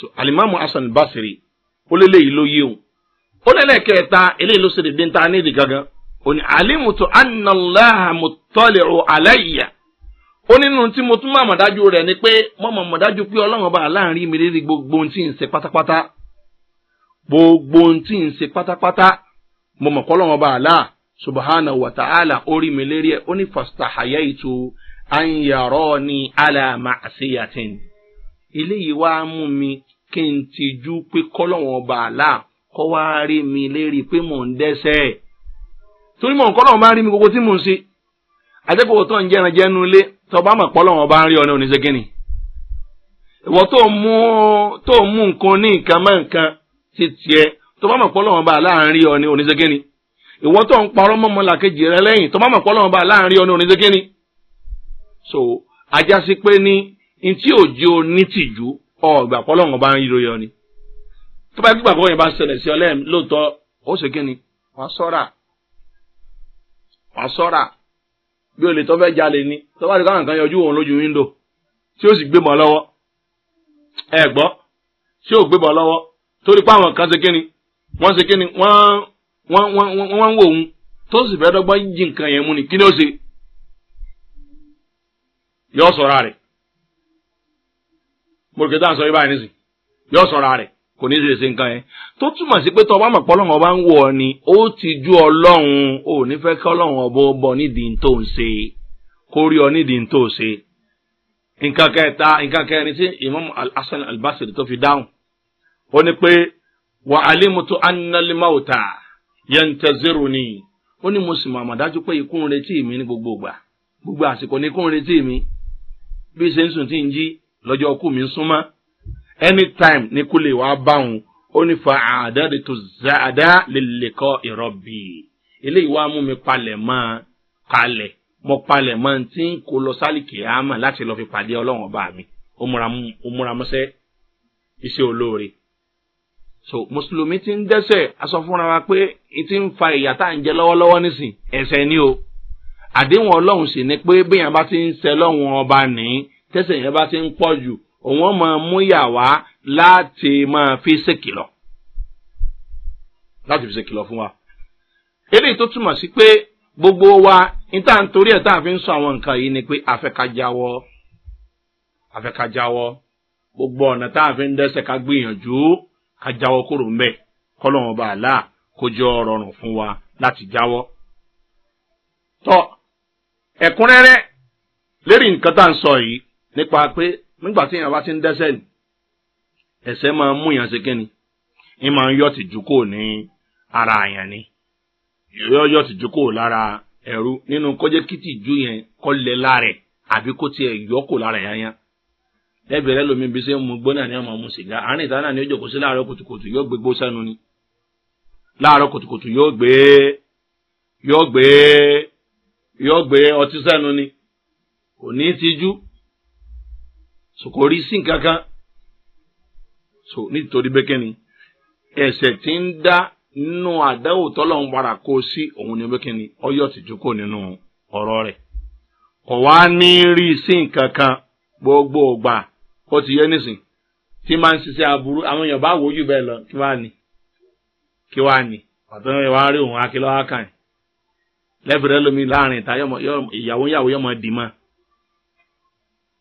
so alimami hasan basiri ó lé léyìí ló yé o ó lé lẹ́kẹ̀ẹ́ta eléyìí ló ṣèdè déńtà nídìí gangan ó ní alimutu analaha mutaliu alayya ó nínú tí mo tún mọ àmọ̀dájú rẹ̀ ni pé mo mọ̀ àmọ̀dájú pé ọlọ́run ọba láàrin mi lérí gbogbo ohun tí ń ṣe pátápátá gbogbo ohun tí ń ṣe mo mọ̀ kọ́lọ́run ọba àlá subahana wa ta'ala orí mi lérí ẹ̀ ó ní fastahayaitu anyarọ́ ni ala ma'asiyatin eléyìí wá mú mi kí n tijú pé kọ́lọ́wọ́n ọba àlá kọ́ wá rí mi lérí pé mò ń dẹ́sẹ̀ torí mò ń kọ́lọ́wọ́n bá ń rí mi gbogbo tí mò ń ṣe àjẹkọ̀ọ́ tó ń jẹ́ran jẹ́nu ilé tó bá mọ̀ kọ́lọ́wọ́n bá ń rí ọ ní oníṣẹ́gínì ìwọ tó mú tó mú nǹkan ní nǹkan mọ́ nǹkan ti tiẹ̀ tó bá mọ̀ kọ́lọ́wọ́n bá láàrin ọ ní oníṣẹ́gínì ìwọ tó ń parọ́ mọ́mọ́ làkejì so ajá sí pé ntí òjò onítìjú ọgbà pọlọ́ngàn bá ń yíro yọ ni tó bá gbígbà kọ́yìn bá ṣẹlẹ̀ sí ọlẹ́m lóòótọ́ ó ṣe kí ni wọ́n sọ́ra wọ́n sọ́ra bí olè tó fẹ́ jalè ni tó bá ti káwọn kan yọjú òun lójú wíńdò tí ó sì gbé mọ́ lọ́wọ́ ẹ gbọ́ tí ó gbé mọ́ lọ́wọ́ torí pé àwọn kan ṣe kí ni wọ́n ṣe kí ni wọ́n wọ́n wọ́n wọ́n ń wò òun tó sì fẹ́ dọ́gbọ́n jí nǹkan yẹn mú ni kí ni ó ṣe yọ sọ̀ra rẹ̀ mo rò pé sọ yí báyìí nísìn yóò kò ní í ṣe nǹkan tó túmọ̀ sí pé ọba mọ̀pọ̀ ọlọ́run ọba ń wọ̀ ni ó ti ju ọlọ́run ò ní fẹ́ kí ọlọ́run ọba ó nídìí tó ń ṣe kó rí ọ nídìí tó ṣe. nǹkan kẹta nǹkan kẹrin tí imam albasiri tó fi dáhùn ó ni ó ní mo sì àmọ̀dájú pé ikú ń retí mi ní gbogbo ìgbà gbogbo àsìkò ní ikú ń mi bí ṣe ń sùn tí lọ́jọ́ ọkú mi ń súnmọ́ anytime ní kú lè wá bá òun ó ní fa àdáde tó záadá lè lè kọ́ ìrọ̀bì eléyìí wá mú mi palẹ̀ mọ́ kalẹ̀ mo palẹ̀ mọ́ tí ń kó lọ sálìkì àmà láti lọ́ọ́ fi pàdé ọlọ́run ọba mi ó múra mọ́sẹ́ iṣẹ́ olóore so mùsùlùmí ti ń dẹ́sẹ̀ aṣọ fúnra wa pé ti ń fa ìyà tá à ń jẹ lọ́wọ́lọ́wọ́ nísìn ẹ̀sẹ̀ ni o àdéhùn ọlọ́run sì ni pé bí yàn bá ti ń sẹ lọ́wọ́n ọba nìyí tẹ́sẹ̀ yẹn bá ti ń pọ̀ jù òun máa mú yà wá láti máa fi ṣèkìlọ̀ láti fi ṣèkìlọ̀ fún wa. eléyìí tó túmọ̀ sí pé gbogbo wa níta nítorí ẹ̀ tá a fi ń sọ àwọn nǹkan yìí ni pé afẹ́kájáwọ́ afẹ́kájáwọ́ gbogbo ọ̀nà tá a fi ń dẹ́sẹ̀ ká gbìyànjú ká jáwọ́ kúrò ńbẹ̀ kọ́lọ́wọ́n bá a láà kó rọrùn fún wa láti jáwọ́. tọ́ ẹ̀kúnrẹ́rẹ́ lérí nǹkan tá à ń sọ yìí nípa pé nígbà tí èèyàn bá ti ń dẹ́sẹ̀ ni ẹ̀sẹ̀ máa ń mú yàn ṣe kíni ń máa ń yọ tìjú kò ní ara àyàn ni yọ yọ tìjú kò lára ẹ̀rú nínú kọjá kí ju yẹn kọ lẹ lára ẹ̀ àbí kó yọ kò lára yányá bí ṣe mu ọmọ mu sìgá àárín ìta náà ni ó jòkó sí láàárọ̀ kùtùkùtù yóò gbé gbó sẹ́nu ni láàárọ̀ kùtùkùtù yóò gbé yóò gbé yóò gbé ọtí ni kò ní so kò rí sí nǹkankan so nítorí bẹ́ẹ̀ kẹ́ni ẹ̀sẹ̀ tí ń dá nínú àdáwò tọ́lọ̀ ń wara kó sí òun ni bẹ́ẹ̀ kẹ́ni ọyọ́ ti jókòó nínú ọ̀rọ̀ rẹ̀ kò wá ní rí sí nǹkankan gbogbo ògbà ó ti yẹ nísìn tí máa ń ṣiṣẹ́ aburú àwọn èèyàn bá wò ó jù bẹ́ẹ̀ lọ kí wàá ní kí wàá ní pàtó ẹ wàá rí òun akílọ́ akàn lẹ́bìrẹ́ lómi láàrin ìta ìyàwó ìyàwó yọmọ dì máa.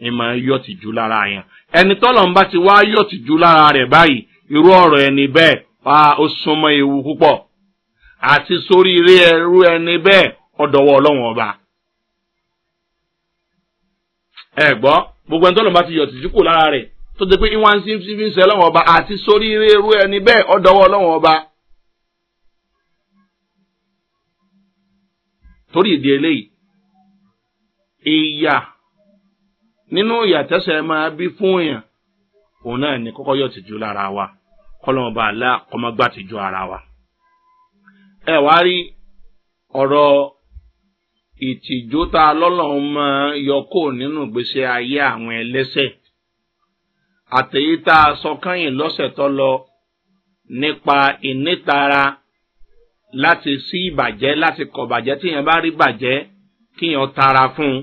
ni máa yọ tìjú lára yẹn ẹni tọ́lọ̀ ń bá ti wá yọ tìjú lára rẹ̀ báyìí irú ọ̀rọ̀ ẹni bẹ́ẹ̀ wá ó súnmọ́ ewu púpọ̀ àti sórí ilé ẹrú ẹni bẹ́ẹ̀ ọ̀dọ̀wọ́ ọlọ́wọ́n ọba. ẹ gbọ́ gbogbo ẹni tọ́lọ̀ ń bá ti yọ kù lára rẹ̀ tó ti pé ìwọ̀n sí fi ń sẹ́ ọlọ́wọ́n ọba àti sórí ilé ẹrú ẹni bẹ́ẹ̀ ọ̀dọ̀wọ́ ọlọ́wọ́n ọba. torí ìdí eléyìí ìyà nínú ìyàtẹ́sẹ̀ máa bí fún èèyàn òun náà ni kọ́kọ́ yọ tìjú lára wa kọ́lọ́mọba àlá kọ́mọ́gbà tìjú ara wa. ẹ wá rí ọ̀rọ̀ ìtìjú ta lọ́lọ́run máa yọ kó nínú ìgbésí ayé àwọn ẹlẹ́sẹ̀ àtẹ̀yí tá a sọ kányìn lọ́sẹ̀ tó lọ nípa ìnítara láti sí ìbàjẹ́ láti kọ̀ bàjẹ́ tíyẹn bá rí bàjẹ́ kíyẹn tara fún un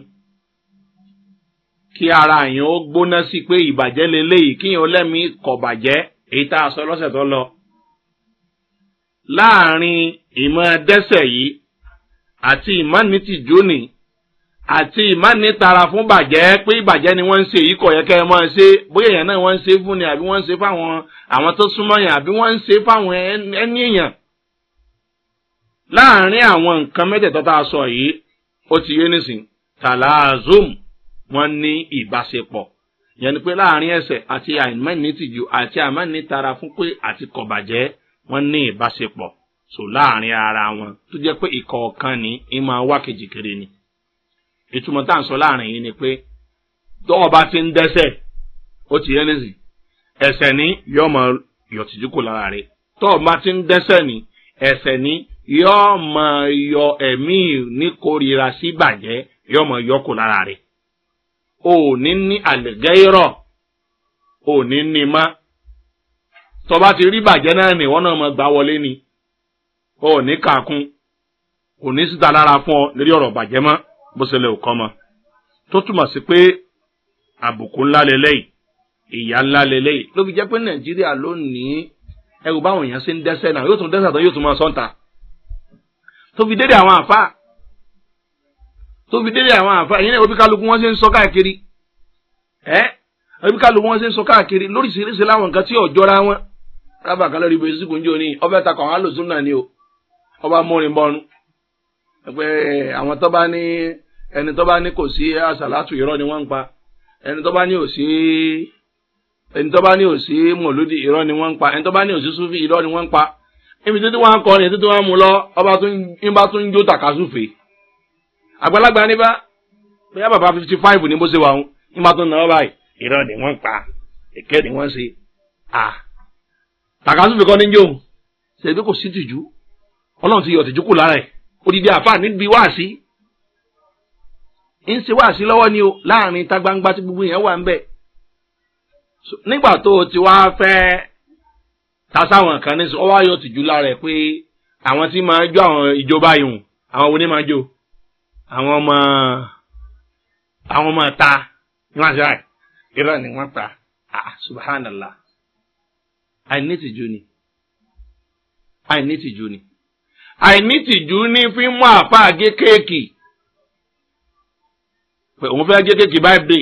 kí ara èèyàn ó gbóná sí pé ìbàjẹ́ leléyìí kíyàn lẹ́mìí kọ̀bàjẹ́ èyí tá a sọ lọ́sẹ̀ tó lọ. láàrin ìmọ̀ dẹ́sẹ̀ yìí àti ìmánitìjóni àti ìmánitara fún bàjẹ́ pé ìbàjẹ́ ni wọ́n ń ṣe èyí kọ̀ yẹ kẹ́ ẹ máa ṣe bóyá èèyàn náà wọ́n ń ṣe fún ni àbí wọ́n ń ṣe fáwọn àwọn tó súnmọ́ yẹn àbí wọ́n ń ṣe fáwọn ẹni èèyàn. láàrin àwọn nǹkan mẹ́tẹ̀ẹ̀tọ́ tá a sọ yìí ó ti yé nísìn tàlàzùmù wọ́n ní ìbáṣepọ̀ yẹn ni pé láàrin ẹ̀ṣẹ̀ àti àìmánìtìjú àti àìmánìtara fún pé àti kọ̀bàjẹ́ wọ́n ní ìbáṣepọ̀ so láàrin ara wọn tó jẹ́ pé ìkọ̀ọ̀kan ní ìmọ̀ wá kejì kiri ni ìtumọ̀ tá à ń sọ láàrin yìí ni pé tọ́wọ́ bá ti ń dẹ́ṣẹ̀ ó ti yẹ nísìn ẹ̀ṣẹ̀ ní yọ mọ yọtìjú kò lára rẹ̀ tọ́wọ́ bá ti ń dẹ́ṣẹ̀ ní ẹ̀ṣẹ̀ ní yọ mọ yọ ẹ̀mí níkorira sí bàjẹ́ yọ mọ yọ kò lára rẹ̀ o ò ní ní àlẹ́gẹ́rọ̀ o ò ní ní má tọba ti rí bàjẹ́ náà nì wọ́n náà mọ̀ gbá wọlé ni o ò ní kàkún kò ní síta lára fún ọ lórí ọ̀rọ̀ bàjẹ́ mọ́ bó ṣe lè kọ́ mọ́ tó túmọ̀ sí pé àbùkù ńlá lélẹ́yìí ìyá ńlá lélẹ́yìí ló fi jẹ́ pé nàìjíríà lónìí ẹrù báwọn èèyàn ṣe ń dẹ́sẹ̀ náà yóò tún dẹ́sẹ̀ tán yóò tún máa sọ́ǹta tó fi dédé àwọn àfáà tó fi délé àwọn àǹfààní yẹn obi kálukú wọn ṣe ń sọ káàkiri ẹ obi kálukú wọn ṣe ń sọ káàkiri lóríṣiríṣi láwọn nǹkan tí wọn rábà kan lórí ibùsùn ń jò ní àwọn alòsùn náà ni o ọba mọ́rin bọnu pé àwọn tó ẹni tó bá ní kò ni wọn pa ẹni tó bá ní ò sí ẹni tó bá ní ò sí ni wọn pa ẹni tó bá ní ò sí ọba tún ń jó àgbàlagbà ní bá bẹ́ẹ̀ bàbá fifty five ni bó ṣe wà ń ní ma tó nà ọ́ báyìí irọ́ ni wọ́n ń pa èké ni wọ́n ń ṣe à tàkàtú fi kọ́ ní jóun ṣèbí kò sí tìjú ọlọ́run ti yọ tìjú kù lára ẹ̀ odidi àfa níbi wáàsí ń ṣe wáàsí lọ́wọ́ ni o láàrin ta gbangba tí gbogbo yẹn wà ń bẹ̀ nígbà tó o ti wá fẹ́ ta sáwọn kan ní sọ wá yọ tìjú lára ẹ̀ pé àwọn tí máa jó àwọn ìjọba yìí àwọn wo ni máa jó àwọn ọmọ àwọn ọmọ ta ni wọ́n ṣe báyìí ni wọ́n pa ah subhanallah àìnítìjú ni àìnítìjú ni àìnítìjú ni fi mú àpá àgé kéèkì pé òun fẹ́ gé kéèkì báyìí dé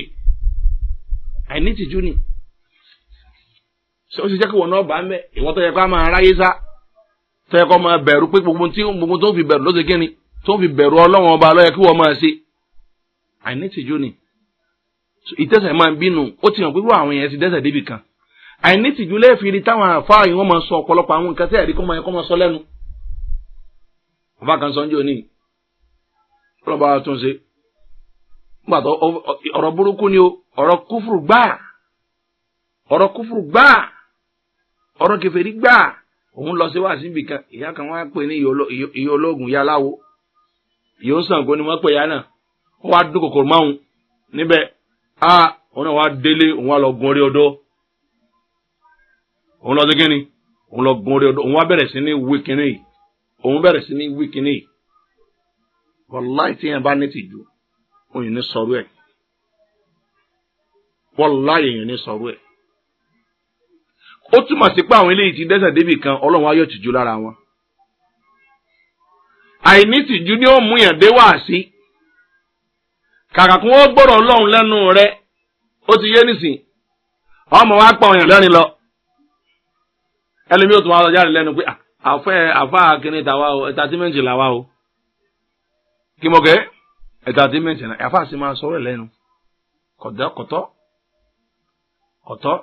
àìnítìjú ni ṣé ó ṣe jẹ́ kí wọn náà bá ń bẹ̀ ìwọ́n tó yẹ kó a máa ráyé sá tó yẹ kó máa bẹ̀rù pé gbogbo tí gbogbo tó ń fi bẹ̀rù ló ṣe ni tó fi bẹ̀rù ọlọ́wọ́n ọba lọ́yẹ kí wọ́n máa ṣe àìnítìjú ni ìtẹ̀sẹ̀ máa ń bínú ó ti hàn pé wọ́n àwọn yẹn ti dẹ́sẹ̀ débì kan àìnítìjú lẹ́ẹ̀fìrí táwọn àfáà yìí wọ́n máa sọ ọ̀pọ̀lọpọ̀ àwọn nǹkan tí ẹ̀rí kọ́ máa sọ lẹ́nu ọba kan sọ ń jò ní ọlọ́ba tún ṣe gbàtọ́ ọ̀rọ̀ burúkú ni o ọ̀rọ̀ kúfùrù gbáà ọ̀rọ̀ kúfùrù gbáà ọ̀rọ̀ kẹfẹ́rí gbáà òun lọ sí wàásù ibìkan ìyá kan wá pè ní ìyá ológun ìyá aláwo yóò Ṣàngó ni wọ́n pè ya náà wọ́n wá dún kòkòrò máwùn níbẹ̀ a òun náà wá délé òun wá lọ gun orí odó òun lọ sí kínní òun lọ gun orí odó òun wá bẹ̀rẹ̀ sí ní wí kínní yìí òun bẹ̀rẹ̀ sí ní wí kínní yìí wàláì tí yẹn bá ní tìjú òun yìí ní sọ̀rọ̀ ẹ̀ wàláì yẹn ní sọ̀rọ̀ ẹ̀ ó túmọ̀ sí pé àwọn eléyìí ti dẹ́ṣẹ̀ débì kan ọlọ́run á tìjú lára wọn àìnítìjú ni ó mú yàn dé wáàsí kàkà kún ó gbọ́rọ̀ ọlọ́run lẹ́nu rẹ ó ti yé nísìn ọmọ wa pa ọyàn lẹ́rin lọ ẹlẹ́mi ò tún wá lọ jáde lẹ́nu pé àfẹ́ àfa kìíní tàwa o ẹ̀tàtímẹ́ǹtì làwa o kí mo kẹ́ ẹ̀tàtímẹ́ǹtì náà àfa sì máa sọ̀rọ̀ lẹ́nu kọ̀tọ́ kọ̀tọ́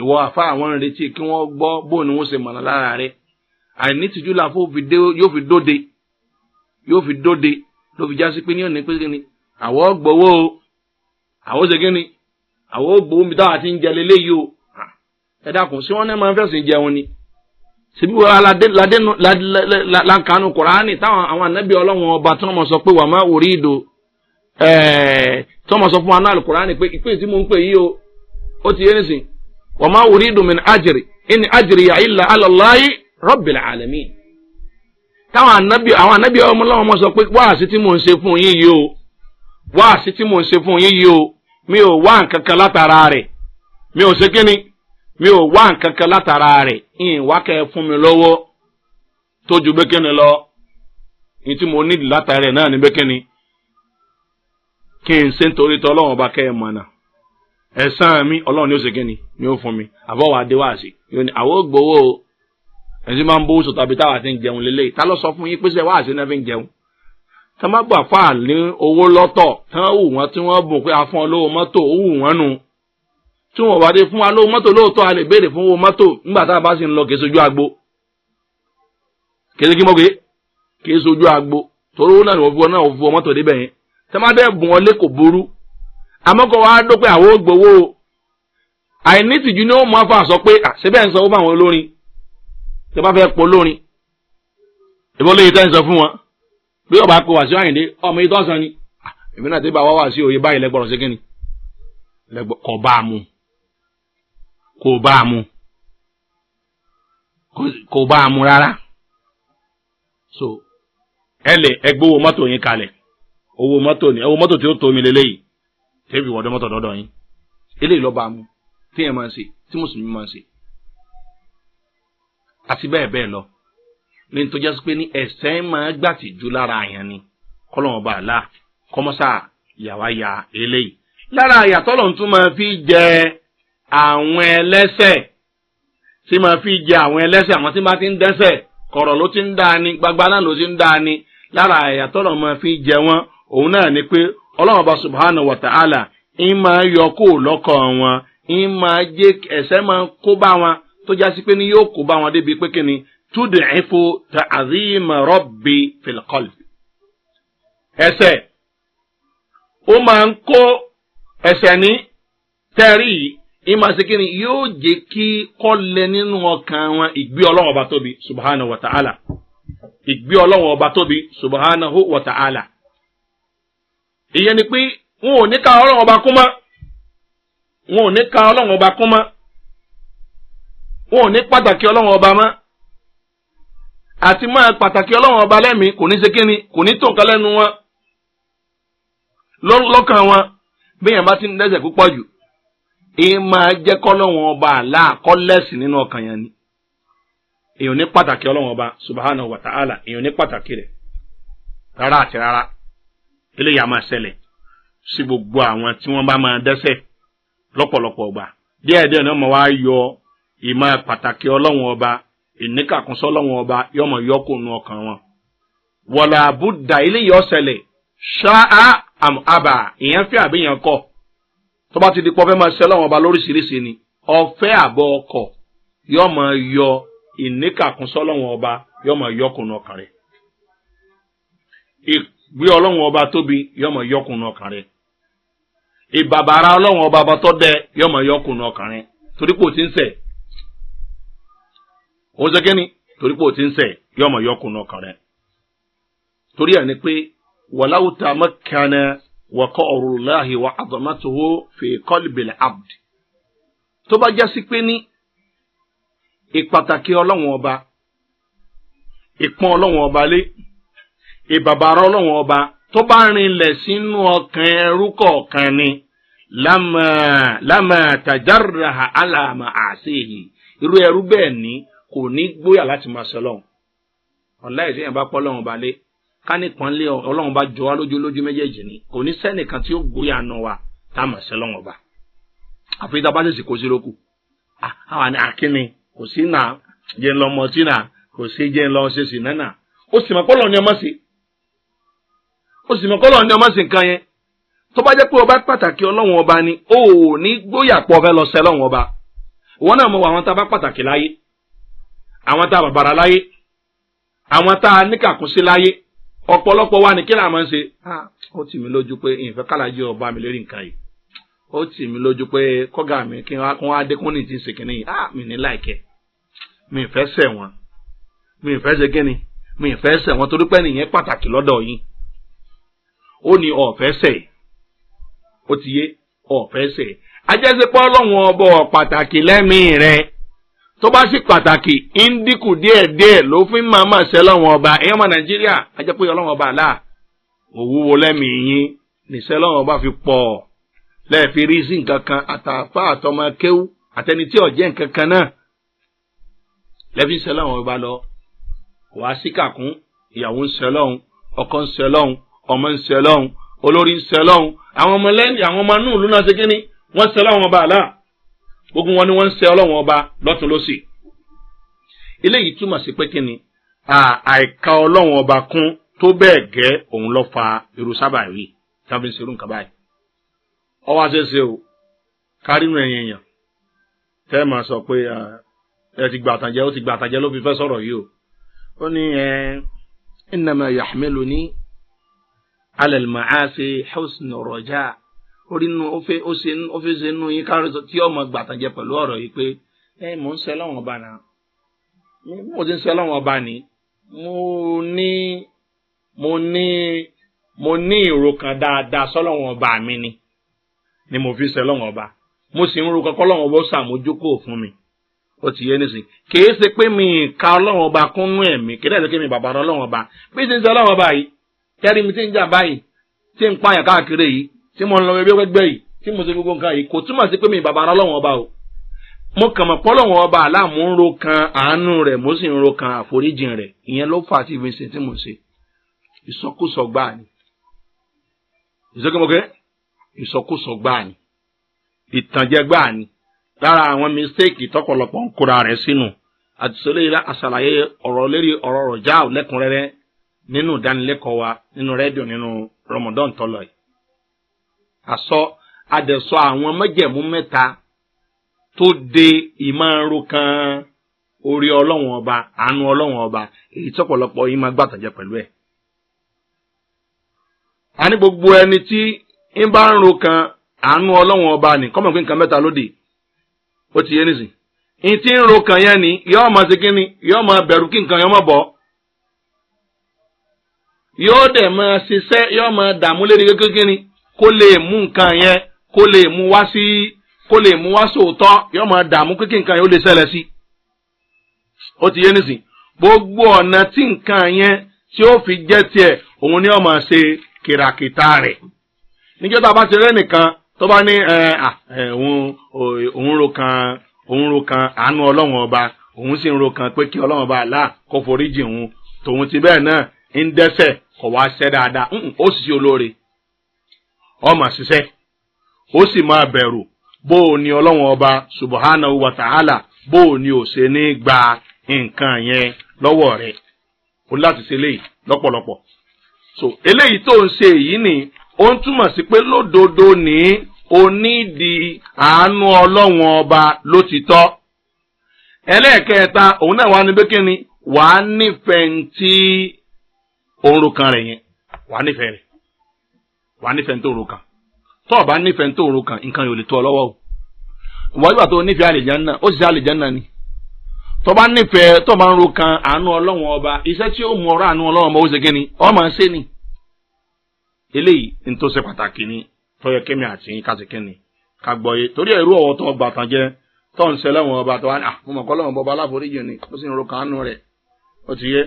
ìwọ àfa àwọn ìrètí kí wọ́n gbọ́ bóun ni wọ́n ṣe mọ̀nà lára rẹ̀. i need to do òfin dé yóò fi dóde yóò fi dóde ló fi já pé ní ọ̀nà pé kí ni àwọ̀ gbowó o àwọ̀ ṣe ni àwọ̀ gbowó mi táwa ti ń jẹ lélẹ́yìí o ẹ dákun sí wọn náà máa ń fẹ̀sìn jẹun ni síbí wọn lankanu táwọn àwọn ọlọ́wọ́n ọba tí wọ́n mọ̀ sọ pé wà má wòrí ìdò tí wọ́n mọ̀ sọ fún wa náà pé ìpè tí mo ń pè yìí o ó ti yé nísìn wà má wòrí ìdò mi ní àjèrè rọ́bìlì àlẹ́mí táwọn ànábì àwọn ànábì ọmọ ọlọ́wọ́ mọ́ sọ pé wáàsí tí mò ń ṣe fún yín yìí o wáàsí tí mò ń ṣe fún yín yìí o mi ò wá nǹkan kan látara rẹ̀ mi ò ṣe kíni mi ò wá nǹkan kan látara rẹ̀ ìyìn wá kẹ́ ẹ fún mi lọ́wọ́ tó ju bẹ́kẹ́ni lọ ní tí mo nídìí látara rẹ̀ náà ní bẹ́kẹ́ni kí n ṣe nítorí tọ́ ọlọ́run ọba kẹ́ ẹ mọ̀nà ẹ̀sán mi ọlọ́run ni ó ṣe kíni ni ó fún mi àbọ̀wá adéwàsí yóò ní àwọn ògbówó o ẹni tí máa ń bó sọ tàbí táwa ti ń jẹun lélẹ̀ ta ló sọ fún yín pé sẹ́ wáhà sí náà fi ń jẹun tá má gbà fáà ní owó lọ́tọ̀ tí wọ́n wù wọ́n tí wọ́n bùn pé a fún ọ lówó mọ́tò ó wù wọ́n nu tí wọ́n wà dé fún wa lówó mọ́tò lóòótọ́ a lè béèrè fún owó mọ́tò nígbà tá a bá sì ń lọ kèé sojú agbo kèé kí mọ́ pé kèé sojú agbo torí owó náà ni wọ́n fi wọ́n náà fi wọ́n mọ́tò débẹ̀ yẹn tá má dẹ́ bùn wọlé kò burú àmọ́ wa dó pé àwọn ò àìní tẹ bá fẹ́ polórin ìbọn lóye tẹ́ ń sọ fún wọn bí ọba pe wàsíù àyìndé ọmọ yìí tọ́sán ni ah, èmi náà ti bá wá wàsíù òye báyìí lẹ́gbọ̀rọ̀ sí kínni kò bá a mu kò bá a mu kò bá a mu rárá so ẹ lè ẹ gbowó mọ́tò yín kalẹ̀ owó mọ́tò ni owó mọ́tò tí ó tó mi lélẹ́yìí tẹ́bi wọ́dọ̀ mọ́tò dọ́dọ̀ yín eléyìí lọ́ọ́ bá a mu téèyàn máa ń ṣe tí mùsùlùmí máa ń ṣe. àti bẹ́ẹ̀ bẹ́ẹ̀ lọ ní tó jẹ́ pé ní ẹ̀sẹ̀ máa gbàtì ju lára àyàn ni kọ́lọ́mù bá la kọ́mọ́sà yàwá ya eléyìí lára àyàtọ̀ tún máa fi jẹ àwọn ẹlẹ́sẹ̀ tí máa fi jẹ àwọn ẹlẹ́sẹ̀ àwọn tí máa ti ń dẹ́sẹ̀ kọ̀rọ̀ ti ń ni gbagba náà ti ń ni lára àyàtọ̀ máa fi jẹ wọn òun náà ni pé ń máa yọ kó lọ́kọ̀ wọn ń máa jẹ ẹ̀sẹ̀ máa wọn tó jásí pé ní yóò kó bá wọn débi pé kíni túdù ẹ̀fọ́ tààzìmọ̀ rọ́bì fìlkọ́lì. ẹsẹ̀ ó máa ń kó ẹsẹ̀ ní tẹ́rì ìmọ̀síkìní yóò jẹ́ kí kọ́lẹ̀ nínú ọkàn wọn ìgbé ọlọ́wọ́ ọba tóbi subahana wa ta'ala ìgbé ọlọ́wọ́ ọba tóbi subahana wa ta'ala. ìyẹn ni pé wọn ò ní ka ọlọ́wọ́ ọba kún mọ́ wọn ò ní ka ọlọ́wọ́ ọba kún mọ́. wọn ò ní pàtàkì ọlọ́run ọba mọ́ àti máa pàtàkì ọlọ́run ọba lẹ́mìí kò ní ṣe kíni kò ní tó nǹkan lẹ́nu wọn lọ́kàn wọn bá ti ń dẹ́sẹ̀ púpọ̀ jù èyí máa jẹ́ kọ́lọ́run ọba àlá nínú ọkàn ni ní ọba subahana wa ta'ala ní pàtàkì rẹ̀ rárá àti rárá eléyà máa ṣẹlẹ̀ sí gbogbo àwọn tí wọ́n bá máa dẹ́sẹ̀ lọ́pọ̀lọpọ̀ ọgbà díẹ̀díẹ̀ náà wá yọ ìmọ̀ pàtàkì ọlọ́run ọba ìníkàkúnsọ́ ọlọ́run ọba yọmọ yọkùnù ọkàn wọn. wọ̀là àbúdà eléyìí ọ̀sẹ̀lẹ̀ ṣáá am abà ìyẹn fẹ́ àbí yẹn kọ̀ tó bá ti di pọ́fẹ́ máa ṣe ọlọ́run ọba lóríṣiríṣi ni ọ̀fẹ́ àbọ̀ ọkọ̀ yọmọ yọ ìníkàkúnsọ́ ọlọ́run ọba yọmọ yọkùnù ọkàn rẹ̀ ìgbé ọlọ́run ọba tóbi yọmọ yọkùnù ọkàn rẹ̀ ìbàbàrà ọlọ́run ọba bàtọ́ dẹ yọmọ yọkùnù ọkàn rẹ̀ torí kò ń sẹ̀ ó ṣe kíni torí pé o ti ń sẹ̀ yóò mọ̀ yọkùn náà kàn rẹ̀ torí ẹ̀ ni pé wàláwù tá a mọ̀ wọ̀kọ́ ọ̀rọ̀ láàhì wà àzọ̀mọ́tòwó fi abd tó bá sí pé ní ìpàtàkì ọlọ́wọ́n ọba ìpọ́n ọlọ́wọ́n ọba lé ìbàbàrà ọlọ́wọ́n ọba tó bá rinlẹ̀ sínú ọkàn ẹrú kọ̀ọ̀kan ni lámà lámà tàjárà àlàmà àṣeyìn irú ẹrú bẹ́ẹ̀ ni kò ní gbóyà láti máa sọ lọ́hùn ọ̀la ìdí yẹn bá pọ́ lọ́hùn ba lé ká ọlọ́hùn bá jọ wá lójú lójú méjèèjì ni kò ní sẹ́nìkan tí ó gbóyà nù wa tá a máa sọ lọ́hùn ọba àfi tá bá sì sì kó sí lóku àwọn ni àkínni kò sí nà jẹ́ ń lọ mọ́ sí nà kò sí jẹ́ ń lọ ṣe sí nánà ó sì mọ̀ pọ́ lọ́hùn ni ọmọ sí ó sì mọ̀ pọ́ lọ́hùn ni ọmọ sí nǹkan yẹn tó bá jẹ́ pé ọba pàtàkì ọlọ́hùn ọba ni ó ní gbóyà pọ̀ fẹ́ lọ sẹ́ lọ́hùn ọba wọn náà mọ̀ wọ àwọn tá a bá pàtàkì láyé àwọn tá a bàbàrà láyé àwọn tá a níkàkúnsí láyé ọ̀pọ̀lọpọ̀ wa ni kí làá máa ń ṣe ó tì mí lójú pé ìfẹ́ kàlàjì ọba mi lórí nǹkan yìí ó tì mí lójú pé kọ́gà mi kí wọ́n á dẹ́kun ní ìtìsí kìíní yìí ah mi ní láìkẹ́ mi ìfẹ́ sẹ̀ wọ́n mi ìfẹ́ ṣe kí ni mi ìfẹ́ sẹ̀ wọ́n torí pé nìyẹn pàtàkì lọ́dọ̀ yín ó ní ọ̀fẹ́ sẹ̀ ó ti yé ọ̀fẹ́ sẹ̀ ajẹ́sípọ́ ọlọ́run ọbọ̀ pàtàkì lẹ́mìí rẹ̀ tó bá sì pàtàkì índíkù díẹ̀díẹ̀ ló fi máa máa ṣe lọ́wọ́n ọba ẹ̀yọ́ ọmọ nàìjíríà ajẹ́ pé ọlọ́wọ́n ọba àlá òwúwo lẹ́mìí yín nìṣẹ́ lọ́wọ́n ọba fi pọ̀ lẹ́ẹ̀fi rí sí nǹkan kan àtàpá àtọmọ kéwú àtẹni tí ọ̀jẹ́ nǹkan kan náà lẹ́ẹ̀fi ń ṣe lọ́wọ́n ọba lọ wàá sí kàkún ìyàwó ń ṣe lọ́hùn ọkọ ń ṣe lọ́hùn ọmọ ń ṣe lọ́hùn olórí ń ṣe lọ́hùn àwọn ọmọ lẹ́yìn àwọn ọmọ inú náà ṣe kíni wọ́n ṣe lọ́wọ́n ọba àlá gbogbo wọn ni wọ́n ń sẹ́ ọlọ́run ọba lọ́tún lọ́sì eléyìí túmọ̀ sí pé kí àìka ọlọ́run ọba kún tó bẹ́ẹ̀ gẹ́ òun lọ́ fa irú sábà rí tábí ń serú nǹkan báyìí ọwọ́ àṣẹṣe o kárínú ẹ̀yìn èèyàn tẹ́ ẹ̀ máa sọ pé ẹ ti gbà àtàjẹ́ ó ti gbà àtàjẹ́ ló fi fẹ́ sọ̀rọ̀ yìí o ó ní ẹ ẹnàmọ̀ yàhámẹ́lò ní alẹ́ màá ṣe hosùn rọ̀jà orí nu ó fẹ́ ó ṣe ó fẹ́ ṣe nu yín kárí tí ọmọ gbàtànjẹ pẹ̀lú ọ̀rọ̀ yìí pé ẹ mò ń ṣe lọ́wọ́n ọba náà mo ti ń ṣe lọ́wọ́n ọba ni mo ní mo ní mo ní ìrò kan dáadáa sọ́lọ́wọ́n ọba mi ni ni mo fi ṣe lọ́wọ́n ọba mo sì ń ro kankan lọ́wọ́n ọba ó ṣàmójúkò fún mi ó ti yé nísìn kìí ṣe pé mi ka ọlọ́run ọba kúnnú ẹ̀mí kìí dẹ̀ ṣe mi bàbá ọlọ́run ọba bí ti ń ṣe ọlọ́run ọba yìí tẹ́rí mi ti ń jà báyìí tí ń pààyàn káàkiri yìí tí mo lọ ewé gbẹgbẹ yìí tí mo ṣe gbogbo nǹkan yìí kò túmọ̀ sí pé mi bàbá ara lọ́wọ́n ọba o mo kàn mọ̀ pọ́ lọ́wọ́n ọba aláàmú ń ro kan àánú rẹ̀ mo sì ń ro kan àforíjìn rẹ̀ ìyẹn ló fà á ṣe tí mo ṣe ìsọkúsọ gbáà ni ìsọkúmọ̀kẹ́ ìsọkúsọ gbáà ni ìtànjẹ gbáà ni lára àwọn mistake tọ̀pọ̀lọpọ̀ ń kóra rẹ̀ sínú àtisọ́lé yìí àṣàlàyé ọ̀rọ̀ lérí ọ̀rọ̀ ọ̀rọ̀ jáù lẹ́kùnrẹ́rẹ́ nínú ìdánilẹ́kọ̀ọ́ wa nínú rédíò nínú Ramadan tọ́lọ̀ yìí àsọ adẹ̀sọ àwọn mẹ́jẹ̀mú mẹ́ta tó de ìmọ̀ọ́rò kan orí ọlọ́wọ́n ọba àánú ọlọ́wọ́n ọba èyí tọ́pọ̀lọpọ̀ yìí máa gbàtàjẹ́ pẹ̀lú ẹ̀. a ní gbogbo ẹni tí ń bá ń ro kan àánú ọlọ́wọ́n ọba ni kọ́mọ̀ pé nǹkan mẹ́ta lóde ó ti yé nìsín. n ti ń ro kan yẹn ni yọ́ọ́ máa ṣe kínni yọ́ọ́ máa bẹ̀rù kí nǹkan yọ́ọ́ máa bọ̀ yóò dẹ̀ máa ṣiṣẹ́ yọ́ọ́ kó lè mú nǹkan yẹn kó lè mú wá sí kó lè mú wá sóòótọ́ yóò máa dààmú kíkì nǹkan yẹn ó lè ṣẹlẹ̀ sí. ó ti yé nísìn gbogbo ọ̀nà tí nǹkan yẹn tí ó fi jẹ́ tiẹ̀ òun ni ó máa ṣe kìràkìtà rẹ̀. níjọ́ tá a bá ti rẹ́ nìkan tó bá ní òun ro kan òun ro kan àánú ọlọ́run ọba òun sì ń ro kan pé kí ọlọ́run ọba àlá kó foríjì òun tòun ti bẹ́ẹ̀ náà ń dẹ́sẹ̀ kọ̀ wá ṣẹ́ dáadáa ó sì ṣe olóore ọmọ ṣiṣẹ́ ó sì máa bẹ̀rù bó o ní ọlọ́run ọba subahana wa ta'ala bó o ní o se ni gba nǹkan yẹn lọwọ rẹ. o lati se eleyi lọpọlọpọ. so eleyi to n se èyí ni ó ń túmọ̀ sí pé lódodo ní onídìí àánú ọlọ́run ọba ló ti tọ́ ẹlẹ́ẹ̀kẹta òun náà wà ní bẹ́kẹ́ni wàá nífẹ̀ẹ́ ntí òun ro kan rẹ yẹn wàá nífẹ̀ẹ́ rẹ̀ wà n'ife tó kan tó o bá nífẹ̀ẹ́ tó rokàn nǹkan yóò lè tó ọ lọ́wọ́ o ìwọ yóò tó nífẹ̀ẹ́ àlìjánná ó ni tó bá nífẹ̀ẹ́ tó bá ń rokàn àánú ọlọ́wọ́n ọba iṣẹ́ tí ó mú ọ̀rọ̀ àánú ọlọ́wọ́n ọba ó ṣe kíni ọmọ ṣe ni eléyìí ní tó ṣe pàtàkì ni tọ́yọ kémi àti torí ọwọ tó gbà tán tó ọba tó ní ah, ọba aláforíjì ni ó sì ń rokàn àánú rẹ ó ti yẹ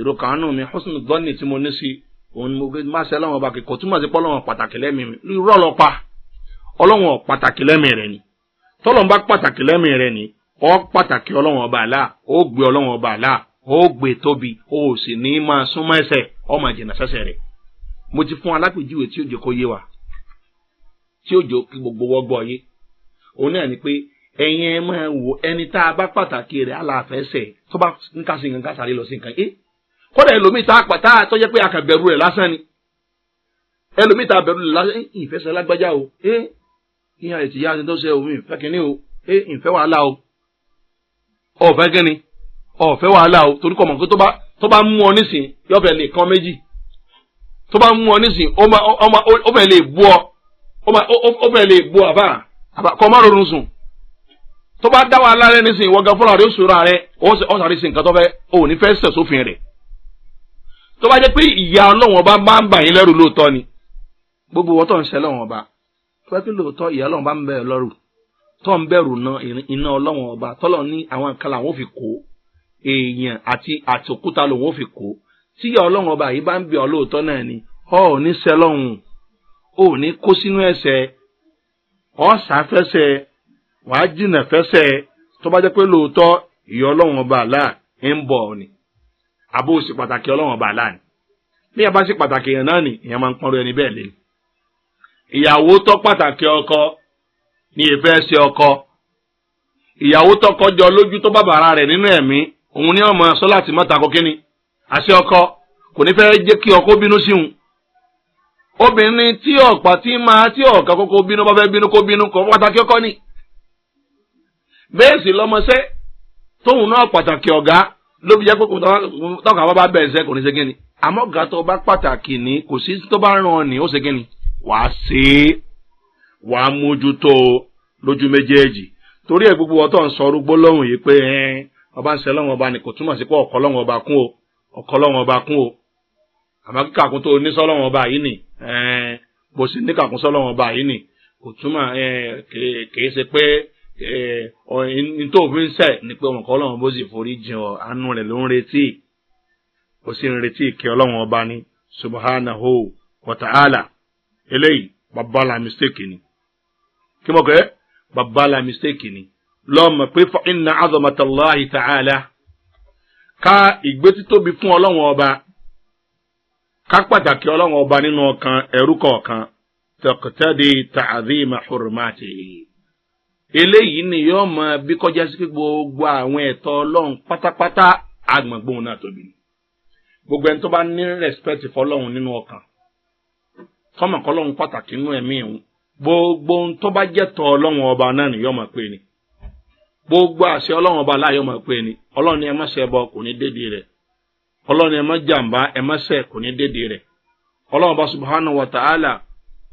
ìrokàn àánú mi husnul dhanni tí mo ní sí òun ni mo gbé má ọlọ́wọ́n ọba kò túmọ̀ sí pé pàtàkì lẹ́mìí mi irọ́ lọ pa ọlọ́wọ́n pàtàkì lẹ́mìí rẹ ni tọ́lọ́n bá pàtàkì lẹ́mìí rẹ ni ọ pàtàkì ọlọ́wọ́n ọba àlá ó gbé ọlọ́wọ́n ọba àlá ó gbé tóbi ó sì ní máa ọ máa sẹ́sẹ̀ rẹ̀ mo ti fún alápèjúwe tí òjò kó yé wa tí òjò kí gbogbo yé òun náà ni pé ẹ̀yin ẹ máa wò ẹni tá bá pàtàkì rẹ̀ tó bá ń kásìnkàn lọ sí nǹkan eh, kódà ẹlòmíì tá a pàtà tó yẹ pé a kàn bẹ̀rù rẹ̀ lásán ni ẹlòmíì tá a bẹ̀rù rẹ̀ lásán ìfẹsẹ̀ lágbájá o ẹ ìyá ẹ̀ ti yá ẹni tó ṣe omi ìfẹ́ kínní o ẹ ìfẹ́ wàhálà o ọ̀fẹ́ kínní ọ̀fẹ́ wàhálà o torí kọ̀ mọ̀ pé tó bá mú ọ nísìn yọ fẹ́ lè kán méjì tó bá mú ọ nísìn ó fẹ́ lè bú ọ ó fẹ́ lè bú àbá kọ́ má ronú sùn tó bá dá wàhálà rẹ nísìn ìwọ gan fúnra rẹ ó sòrò rẹ ó sàrí sí nǹkan tó fẹ́ òní fẹ́ sẹ̀ sófin rẹ̀ tó bá jẹ́ pé ìyá ọlọ́wọ́n bá bá ń bà yín lẹ́rù lóòótọ́ ni gbogbo wọn tó ń ṣe lọ́wọ́n ọba tó bá pé lóòótọ́ ìyá ọlọ́wọ́n bá ń bẹ̀rù lọ́rù tó ń bẹ̀rù iná ọlọ́wọ́n ọba tọ́lọ̀ ní àwọn nǹkan làwọn ò fi kó èèyàn àti àtòkúta lòun ò fi kó tí ìyá ọlọ́wọ́n ọba yìí bá ń bẹ̀ ọ́ lóòótọ́ náà ni ọ ò ní ṣe lọ́hùn ò ní kó sínú ẹsẹ̀ ọ sàfẹsẹ̀ wàá jìnà fẹsẹ̀ tó bá jẹ́ pé lóòótọ́ ìyá ọlọ́wọ́n ọba àlà ń bọ̀ ni àbó òsì pàtàkì ọlọ́wọ̀n bá láàánì bí a bá sì pàtàkì èèyàn náà nì èèyàn máa ń pọ́nrọ́ ẹni bẹ́ẹ̀ lé ìyàwó tó pàtàkì ọkọ ni èèfẹ́ ṣe ọkọ ìyàwó tọkọ jọ lójú tó bàbàrà rẹ̀ nínú ẹ̀mí òun ni ọmọ sọ láti má takò kíni àṣẹ ọkọ kò ní fẹ́ jẹ́ kí ọkọ bínú sí òun obìnrin tí ọ̀pá tí máa tí ọ̀ka kókó bínú bá fẹ́ bínú kó bínú kó pàtàkì ọkọ ni bẹ́ẹ̀ sì lọ́mọṣẹ́ tóun náà pàtàkì ọ̀gá ló fi jẹ́ pé tọ́ka bá bá bẹ̀rẹ̀ sẹ́ kò ní ṣe gẹ́ni àmọ́ ga tó bá pàtàkì ní kò sí tó bá ràn ọ́ ní ó ṣe gẹ́ni wà á ṣe é wà á mójútó lójú méjèèjì torí ẹ̀ gbogbo ọtọ̀ ń sọ rúgbó lọ́hùn yìí pé ọba ń ṣe lọ́wọ́n ọba ni kò túmọ̀ sí pé ọ̀kọ́ lọ́wọ́n ọba kún o ọ̀kọ́ lọ́wọ́n ọba kún o àmọ́ kíkàkún tó ní sọ́lọ́wọ́n ọba yìí nì bó sì ní kàkún sọ́lọ́wọ́n ọba yìí nì kò túmọ̀ kèé ṣe pé ntòfin eh, sẹ̀ ni pé ọmọkọ ọlọ́run bó sì forí jìn ọ àánú rẹ̀ ló ń retí ó sì ń retí ọba ni subhanahu wa eléyìí babala mistake ni kí mo kẹ́ babala mistake ni lọ́mọ pé inna ta'ala ká fún ọba ká pàtàkì ọba nínú ọkàn ẹrú kọ̀ọ̀kan tọkọtẹ́dì tààzí mahurumati eléyìí ni yóò mọ bí kọjá sí pé gbogbo àwọn ẹ̀tọ́ ọlọ́run pátápátá agbọ̀ngbọ̀n náà tóbi ni gbogbo ẹni tó bá ní respect fọlọ́run nínú ọkàn tọmọ kọlọ́run pàtàkì nínú ẹ̀mí ìhun gbogbo ohun tó bá jẹ́ tọ́ ọlọ́run ọba náà ni yóò mọ̀ pé ni gbogbo àṣẹ ọlọ́run ọba láàyò mọ̀ pé ni ọlọ́run ni ẹ má ṣe ẹbọ kò ní dédé rẹ̀ ọlọ́run ni ẹ má jàǹbá ẹ má kò ní dédé rẹ̀ ọlọ́run ọba subhanahu wa ta'ala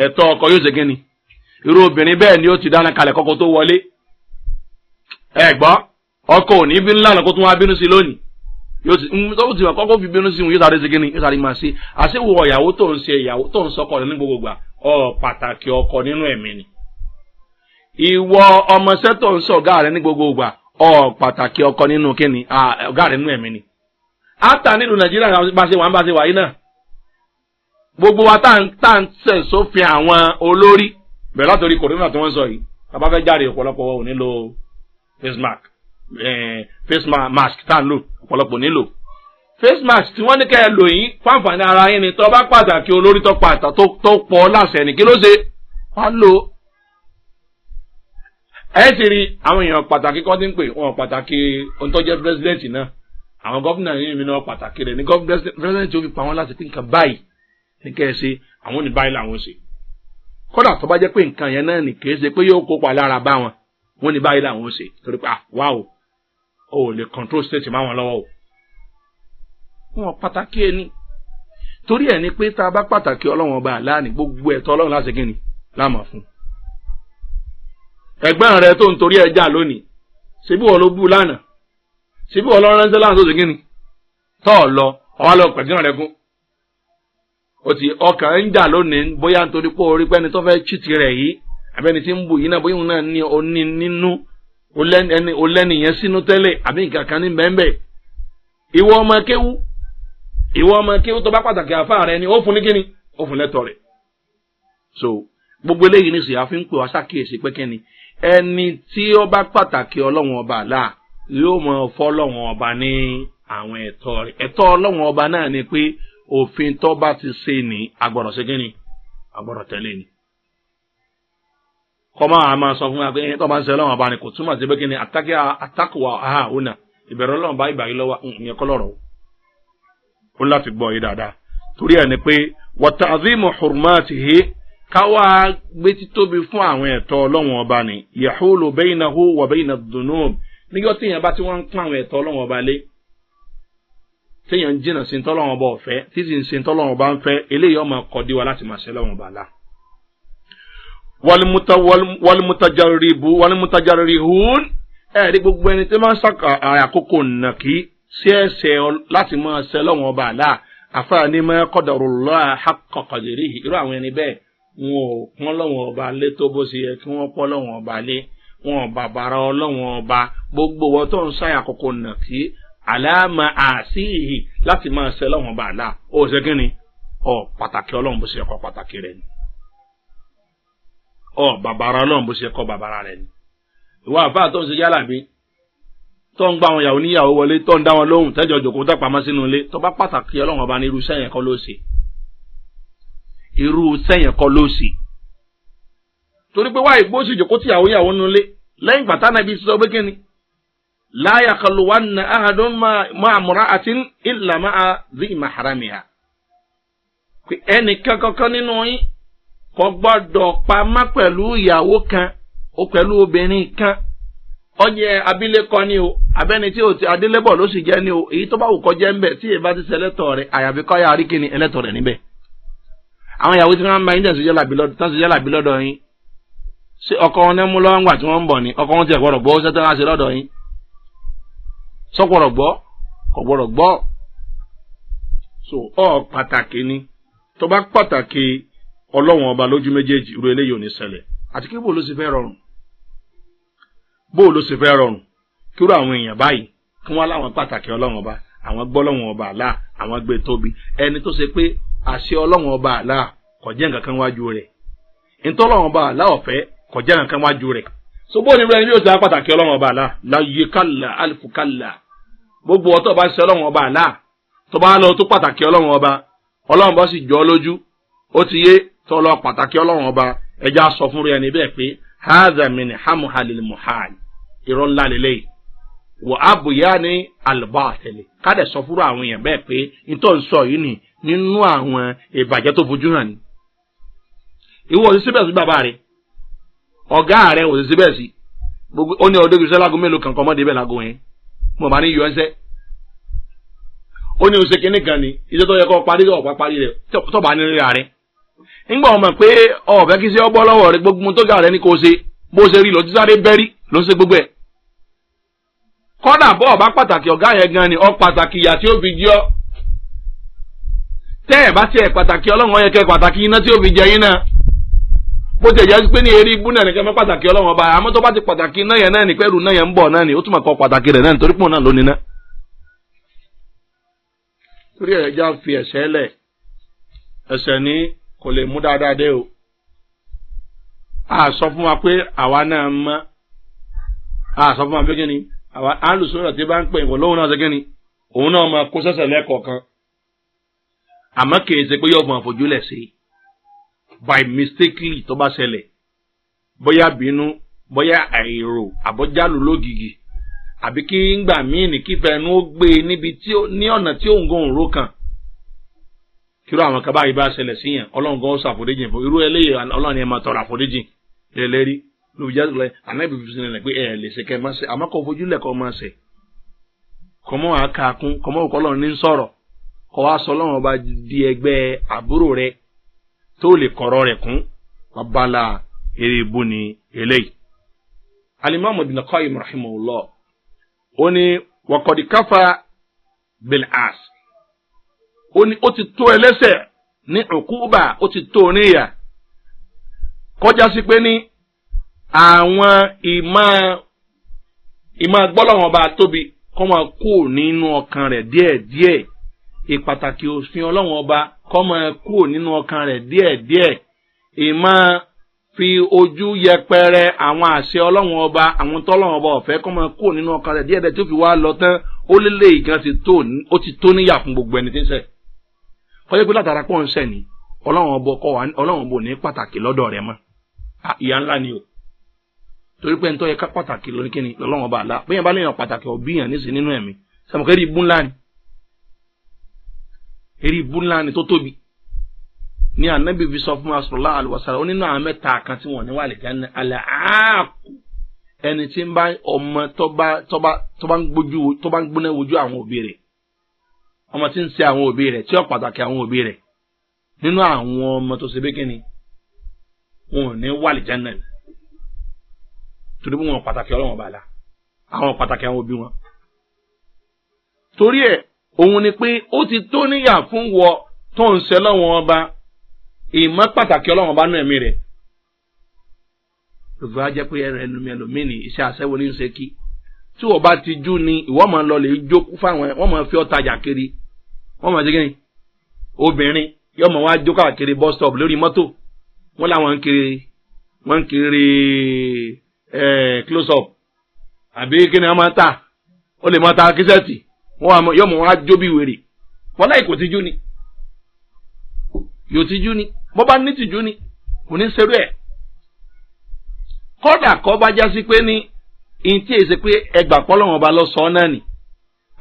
eto ọkọ yóò ṣe gẹ́ni irú obìnrin bẹ́ẹ̀ ni ó ti dáná kalẹ̀ kọ́kọ́ tó wọlé ẹ̀gbọ́n ọkọ ò bínú lánàá kó tún wá bínú sí lónìí yóò ti ń mm, fi bínú sí wọn yóò sáré ṣe gẹ́ni yóò sáré máa ṣe àṣewò ìyàwó tó ń ṣe ìyàwó tó ń sọkọ ní gbogbo gbà ọ pàtàkì ọkọ nínú ẹ̀mí ni ìwọ ọmọọṣẹ́ tó ń sọ ọ̀gá ọ pàtàkì ọkọ nínú kíni ọ̀gá rẹ ni. átà nàìjíríà bá ṣe gbogbo wa tá ń tẹ̀ sófin àwọn olórí bẹ̀rẹ̀ látòrí kòrónà tí wọ́n sọ yìí bàbá fẹ́ jáde ọ̀pọ̀lọpọ̀ ò nílò face mask eh, face mask tá ń lò ọ̀pọ̀lọpọ̀ nílò face mask tí wọ́n ní kẹ́ ẹ lò yín fáǹfààní ara yín ni tó bá pàtàkì olórí tó pàtà tó pọ̀ láṣẹ ní kí ló ṣe wọ́n lò ẹ sì rí àwọn èèyàn pàtàkì kọ́ tí ń pè wọn pàtàkì ohun tó jẹ́ pírẹsidẹ́ǹtì náà àwọn gọ́fìnà yìí mi ní kẹ́ ẹ ṣe àwọn ní báyìí làwọn ṣe kódà tó bá jẹ́ pé nǹkan yẹn náà nì kìí ṣe pé yóò kópa lára bá wọn wọn ní báyìí làwọn ṣe torí pé àwa ah, o ò lè control state má wọn lọ́wọ́ o wọn pàtàkì ẹ ní torí ẹ ní pé tá a bá pàtàkì ọlọ́wọ́n ọba àlá ní gbogbo ẹ̀tọ́ ọlọ́run láti gíni láàmú fún ẹgbẹ́ rẹ tó ń torí ẹ jà lónìí síbí wọn ló bú lánàá síbí wọn lọ ránṣẹ́ tó ṣe gíni tọ́ ọ lọ ọwọ́ o ọka ọkàn ń jà lónìí bóyá nítorí pé orí pẹ́ni tó fẹ́ chìtì rẹ̀ yìí abẹ́ni tí ń bù yìí náà bóyá òun náà ní oní nínú olẹ́ni yẹn sínú tẹ́lẹ̀ àbí nǹkan kan ní bẹ́ẹ̀nbẹ́ẹ̀ ìwọ ọmọ kéwú tó bá pàtàkì àfa ni ó fún ní kíni ó fún lẹ́tọ̀ rẹ̀ so gbogbo eléyìí nísìnyí àfi ń pè wá ṣàkíyèsí pé kíni ẹni tí ó bá pàtàkì ọba yóò mọ fọ́ òfin tó bá ti ṣe ní agbọ̀rọ̀ ṣe kí ni agbọ̀rọ̀ tẹ̀lé ni. kọ́má a máa sọ fún wa pé ẹni tó bá ń ṣe ọlọ́run ọba ni kò túmọ̀ sí pé kí ni àtàkì aha ònà ìbẹ̀rẹ̀ ọlọ́run bá ìbàyí lọ́wọ́ ìyẹn kọ́ lọ́rọ̀ ó láti gbọ́ yìí dáadáa torí ẹ̀ ni pé wàtàzímù hurmatihi káwá fún àwọn ẹ̀tọ́ ọba ni ti wọ́n ń pọ́n àwọn ẹ̀tọ́ téèyàn ń jìnnà sí tọ́lọ́wọ́n bá ọ̀fẹ́ tí sì ń ṣe tọ́lọ́wọ́n bá ń fẹ́ eléyìí ọmọ ọkọ̀ dí wa láti máa ṣe lọ́wọ́n bá la. wàlúmútajarihún ẹ̀rí gbogbo ẹni tó máa ń sàkà àkókò nàkí sí ẹsẹ̀ láti máa ṣe lọ́wọ́n bá la àfáà ní mẹ́ kọ́dọ̀rọ̀ lọ́wọ́ àkọ́kọ̀dìrí irú àwọn ẹni bẹ́ẹ̀ wọn ò pọ́n lọ́wọ́n ọba lé tó bó ṣe yẹ kí wọ́n pọ́n lọ́wọ́n ọba lé wọn ò bàbàrà ọlọ́wọ́n ọba gbogbo wọn tó ń sáyà àkókò nàkí àlàámà àṣìhì láti máa ṣe lọ́wọ́n bá àlà ó ṣe kí ni ọ pàtàkì ọlọ́run bó ṣe kọ́ pàtàkì rẹ ni ọ bàbàrà ọlọ́run bó ṣe kọ́ bàbàrà rẹ ni ìwọ àfáà tó ń ṣe yálà bí tó ń gba àwọn ìyàwó níyàwó wọlé tó ń dá wọn lóhùn tẹ́jọ́ jòkó tó pamọ́ sínú ilé tó bá pàtàkì ọlọ́run ọba ní irú sẹ́yìn kọ́ ló ṣe irú sẹ́yìn kọ́ ló ṣe torí pé wáyé gbóṣù لا يخلون أحد مع امرأة إلا مع ذي محرمها ẹnìkan kankan nínú yín kò gbọ́dọ̀ pamọ́ pẹ̀lú ìyàwó kan ó pẹ̀lú obìnrin kan ọyẹ abilékọ ni o abẹni tí o ti adélébọ ló sì jẹ ni o èyí tó bá wù kọ ti rẹ àyàfi kọ ya aríkìnì ẹlẹtọ rẹ níbẹ. àwọn ìyàwó tí wọn bá yín tẹsí jẹlá bílọdọ tẹsí jẹlá yín ṣé ọkọ wọn ní ńgbà tí ń ni ọkọ wọn ti sọ́gbọ́rọ̀ gbọ́ kọ̀gbọ́rọ̀ gbọ́ so ọ pàtàkì ni tó bá pàtàkì ọlọ́wọ̀n ọba lójú méjèèjì irú eléyìí ò ní ṣẹlẹ̀ àti kí bó ló ṣe fẹ́ rọrùn bó ló ṣe fẹ́ rọrùn kí irú àwọn èèyàn báyìí kí wọ́n láwọn pàtàkì ọlọ́wọ̀n ọba àwọn gbọ́ ọlọ́wọ̀n ọba àlá àwọn gbé tóbi ẹni tó ṣe pé àṣẹ ọlọ́wọ̀n ọba àlá kò jẹ́ nǹkan kan wájú rẹ̀ ntọ́lọ́wọ̀n ọba àlá ọ̀fẹ́ kò jẹ́ nǹkan wájú rẹ̀ so bó ni rẹ̀ ni yóò ṣe pàtàkì ọlọ́wọ̀n ọba àlá láyé kálá alifu kálá gbogbo ọtọ bá ṣiṣẹ ọlọrun ọba àlá tó bá lọ tó pàtàkì ọlọrun ọba ọlọrun bá sì jọ ọ lójú ó ti yé tó lọ pàtàkì ọlọrun ọba ẹja sọ fún rẹ ẹni bẹẹ pé hazamini hamuhalil muhal irọ́ ńlá lélẹ́yìí wọ abuya ní albaatẹlẹ kádẹ sọ fúnra àwọn èèyàn bẹẹ pé nítorí sọ yìí ni nínú àwọn ìbàjẹ́ tó fojú hàn ni ìwọ òṣìṣẹ́ bẹ́ẹ̀ bàbá rẹ ọ̀gá rẹ òṣìṣẹ́ bẹ́ẹ̀ ó ní ọdún ìṣẹ́ lágùn mélòó kankan mọ́dé bẹ́ẹ̀ lágùn yẹn mọ̀mọ́ ní yọ ẹsẹ̀ ó ní oṣù kínní kan ni iṣẹ́ tó yẹ kó parí tó ọ̀pá parí tó bá ní rírà ọmọ pé kí ọ bọ́ lọ́wọ́ rẹ̀ gbogbo tó gà rẹ ní kò ṣe bó ṣe rí lọ tí ló gbogbo kọ́dà bọ́ ọba pàtàkì ọ̀gá yẹn gan ọ pàtàkì ìyà tí ó fi jẹ́ ọ tẹ́ ẹ̀ bá tiẹ̀ pàtàkì ọlọ́run ọ̀yẹ̀kẹ́ pàtàkì iná tí ó fi yín náà bó ti ẹ̀jẹ̀ pé ní eré ibú náà nìkan fẹ́ pàtàkì ọlọ́run ọba àmọ́ tó bá ti pàtàkì náà yẹn náà ní pẹ́rù náà yẹn ń bọ̀ náà ni ó pàtàkì rẹ̀ náà nítorí pọ̀ náà lónìí náà. torí ẹ̀ já fi ẹ̀sẹ̀ lẹ̀ ẹ̀sẹ̀ ni kò lè mú dáadáa dé o. a sọ fún wa pé àwa náà mọ́ a sọ fún wa pé kí ni àwa alùsùn náà ti bá ń pè ìwọ̀ lóhùn náà ṣe kí ni òun náà máa kó sẹ́sẹ̀ àmọ́ ṣe pé yóò àfojúlẹ̀ sí i. by mistakenly tó bá ṣẹlẹ̀ bóyá bínú bóyá àìrò àbójálù lógìgì àbí kí ngbà míì ní kífẹ́ ẹnu ó gbé e níbi tí ní ọ̀nà tí òun gan òun ró kàn kíró àwọn kaba yìí bá ṣẹlẹ̀ sí yẹn ọlọ́run gan ó sọ fún irú eléyìí ọlọ́run yẹn máa tọrọ àforíjìn lélẹ́rí lóbi fi sinilẹ̀ pé ẹ̀ lè ṣe kẹ́ máa tó lè kọrọ rẹ̀ kún babalá eré ibú ni eléyìí. alimami bin qayyim rahimahullah ó ní wakọ̀dìkáfà bil'as ó ní o ti to elese. ni nkuba o ti to níyà kọjá si pé ni. àwọn ìmọ̀ ìmọ̀ gbọ́lọ́wọ́n bá tóbi kọ́ máa kó nínú ọkàn rẹ̀ díẹ̀díẹ̀ ìpàtàkì òfin ọlọ́wọ́n ọba kọ́mọ kúrò nínú ọkàn rẹ̀ díẹ̀díẹ̀ ìmọ̀ fi ojú yẹpẹrẹ àwọn àṣẹ ọlọ́run ọba àwọn tọ́lọ́run ọba kọmọ kọ́mọ kúrò nínú ọkàn rẹ̀ díẹ̀díẹ̀ tó fi wá lọ tán ó lélẹ̀ ìgan ó ti tó níyà fún gbogbo ẹni tí ń pé ni ọlọ́run ọba kọ́ wa ọlọ́run ọba ò ní pàtàkì ni o torí pé ń tọ́ yẹ ká pàtàkì eré ibú ńlá ni tó tóbi ní anabi fi sọ fún asọlá alùwàsàlà ó nínú àwọn mẹ́ta kan tí wọ́n ní wà lẹ́jà ní alẹ́ àákù ẹni tí ń bá ọmọ tọ́ba tọ́ba tọ́ba ń gbójú tọ́ba ń gbóná wojú àwọn òbí rẹ̀ ọmọ tí ń ṣe àwọn òbí rẹ̀ tí ó pàtàkì àwọn òbí rẹ̀ nínú àwọn ọmọ tó ṣe bí kíni wọn ní wà lẹ́jà náà ni torí bí wọn pàtàkì ọlọ́wọ́n bàlá àwọn pàtàkì àwọn òbí wọn torí ẹ̀ òun ni pé ó ti tó níyà fún wọ tó ń ṣe lọ́wọ́n ọba ìmọ̀ pàtàkì ọlọ́wọ́n ọba náà mi rẹ̀. gbogbo a jẹ́ pé ẹlòmí ẹlòmí ni iṣẹ́ aṣẹ́wó ní í ṣe kí tí wọ́n bá ti jú ni ìwọ́n máa lọ lè jókòó fáwọn wọ́n máa fi ọ̀tajà kiri wọ́n máa ṣe kí ni obìnrin yóò máa wá jókòó àkiri bus stop lórí mọ́tò wọ́n làwọn ń kiri wọ́n ń kiri ẹ̀ eh, close up àbí kí ni wọ́n máa ta ó lè máa ta kíṣẹ́ẹ̀tì wọn yóò mọ wọn á jó bí wèrè fọláì kò tijú ni yóò tijú ni bó bá ní tijú ni kò ní serú ẹ kódà kọ́ bá já sí pé ní ntí èsì pé ẹgbà pọ́lọ́wọ́n ọba lọ sọ ọ́ náà ni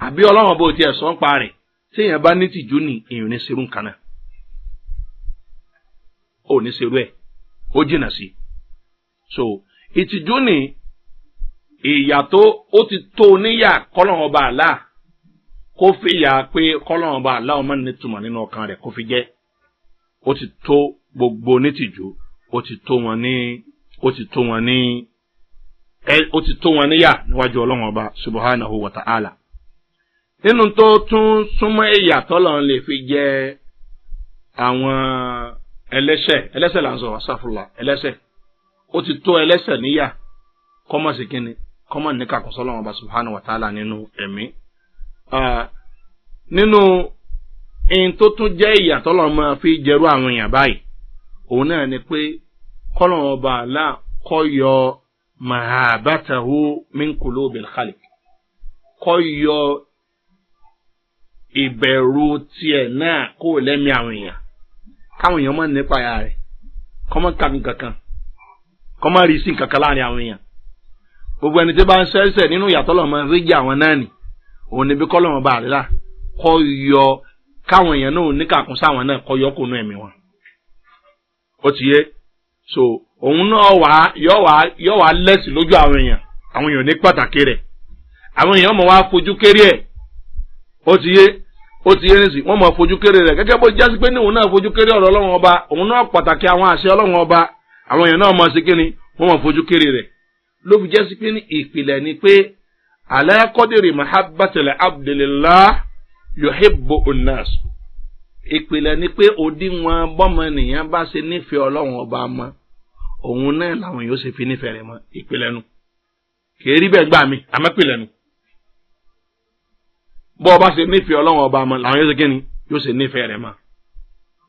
àbí ọlọ́wọ́n bó tiẹ̀ sọ ń pa rẹ̀ téèyàn bá ní tìjú ni èèyàn ní serú nǹkan náà ò ní serú ẹ̀ ó jìnnà sí so ìtìjú ni ìyà ó ti tó níyà kọ́lọ́wọ́n ọba àlá kó fi yà pé kọ́lọ́run bá aláwọ̀ máa ní túmọ̀ nínú ọkàn rẹ̀ kó fi jẹ́ ó ti tó gbogbo onítìjú ó ti tó wọn ní ó níwájú ọba subahánahu wa ta'ala nínú tó tún súnmọ́ ìyà tọ́lọ́run lè fi jẹ àwọn ẹlẹ́sẹ̀ ẹlẹ́sẹ̀ là ń sọ asàfùlà ẹlẹ́sẹ̀ ó ti tó ẹlẹ́sẹ̀ níyà kọ́mọ̀sí ọba subahánahu wa ta'ala nínú ẹ̀mí. nínú in tó tún jẹ́ ìyàtọ̀ lọ́n máa fi jẹrú àwọn èèyàn báyìí òun náà ni pé kọ́lọ́n ọba àlá kọ́ yọ mahabatahu minkulu bilkhali kọ́ yọ ìbẹ̀rù tiẹ̀ náà kó lẹ́mí àwọn èèyàn káwọn èèyàn mọ̀ nípa ya rẹ̀ kọ́mọ́ kàmí kankan kọ́mọ́ kankan láàrin àwọn èèyàn gbogbo ẹni nínú ìyàtọ̀ máa rí jẹ́ òní bí kọ́lọ́mù bá rí rà kọ́ yọ káwọn èèyàn náà níkàkún sáwọn náà kọ́ yọkùn ẹ̀mí wọn. ó ti yé so òun náà wà yọ wà yọ wà lẹ́sì lójú àwọn èèyàn àwọn èèyàn ní pàtàkì rẹ̀ àwọn èèyàn mọ̀ wá fojú kéré ẹ̀ ó ti yé ó ti yé ní sìn wọ́n mọ̀ fojú kéré rẹ̀ gẹ́gẹ́ bó jásí pé ní òun náà fojú kéré ọ̀rọ̀ ọlọ́run ọba òun náà pàtàkì àwọn àṣẹ ọlọ́run ọba àwọn èèyàn náà mọ̀ sí kíni wọ́n mọ̀ fojú kéré rẹ̀ ló fi jásí pé ní ìpìlẹ̀ ni pé ala kọ́dìrì mahabbatila abdulillah yohibbo onas ìpìlẹ̀ ni pé òdiwọ̀n bọ́mọnìyàn bá ṣe nífẹ̀ẹ́ ọlọ́run ọba mọ́ òun náà làwọn yóò ṣe fi nífẹ̀ẹ́ rẹ̀ mọ́ ìpìlẹ̀ nu kì í rí bẹ́ẹ̀ gbà mí àmọ́pìlẹ̀ nu bọ́ ọba ṣe nífẹ̀ẹ́ ọlọ́run ọba mọ́ làwọn yóò ṣe kíni yóò ṣe nífẹ̀ẹ́ rẹ̀ mọ́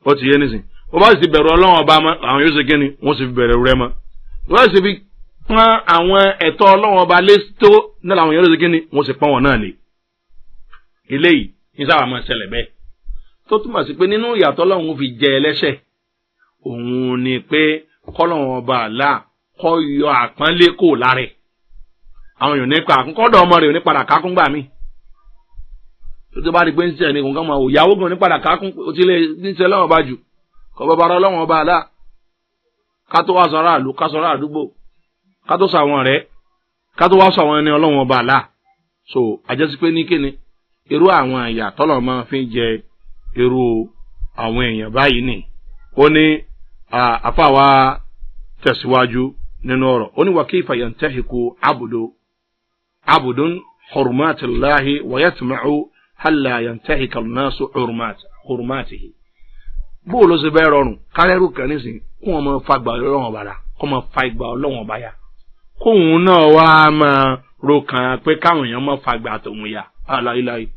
ó ti yé nísìn bọ́ ọba ṣe bẹ̀rù ọlọ́run ọba mọ́ làwọn yóò ṣe kíni wọ́n ṣe fi bẹ̀rù rẹ̀ mọ́ wọ́n ṣe fi pọ́n àwọn ẹ̀tọ́ ọlọ́wọ́n ọba lé tó náà làwọn èèyàn lè ṣe kí ni wọ́n sì pọ́n wọn náà lé eléyìí ní sábà máa ṣẹlẹ̀ bẹ́ẹ̀ tó túmọ̀ sí pé nínú ìyàtọ̀ ọlọ́run fi jẹ ẹlẹ́ṣẹ̀ òun ni pé kọ́lọ́wọ́n ọba àlá kọ́ yọ àpọ́nlé kò lára àwọn èèyàn nípa àkúnkọ́dọ̀ ọmọ rẹ̀ nípa àkákúngbà mi tó bá rí pé ń sẹ̀ ní kò kán máa wò yàwó gan nípa àkákún òtílé níṣẹ́ lọ́wọ́n ọba jù kọ́ bàbá ọlọ́wọ́n ọba àlá ká tó wá sọ aráàlú ká sọ aráàdúgbò ká tó sọ àwọn rẹ ká tó wá sọ àwọn ẹni ọlọ́run ọba àlá so àjẹsí pé ní kíni irú àwọn àyà tọ́lọ̀ máa fi jẹ irú àwọn èèyàn báyìí nì ó ní àfàwà tẹ̀síwájú nínú ọ̀rọ̀ ó ní wàkí ìfàyàntẹ́hìkù àbùdó àbùdún hurmatilahi wàyàtìmáhù hàlà yàntẹ́hìkà náṣu hurmatihi bóòlù sí bẹ́ẹ̀ rọrùn kárẹ́rù kan nísìnyí kó wọn máa fa ìgbà ọlọ́wọ̀n ọba ya kóun náà wá máa rokan pé káwọn èèyàn máa fagbà tòun yá aláìláì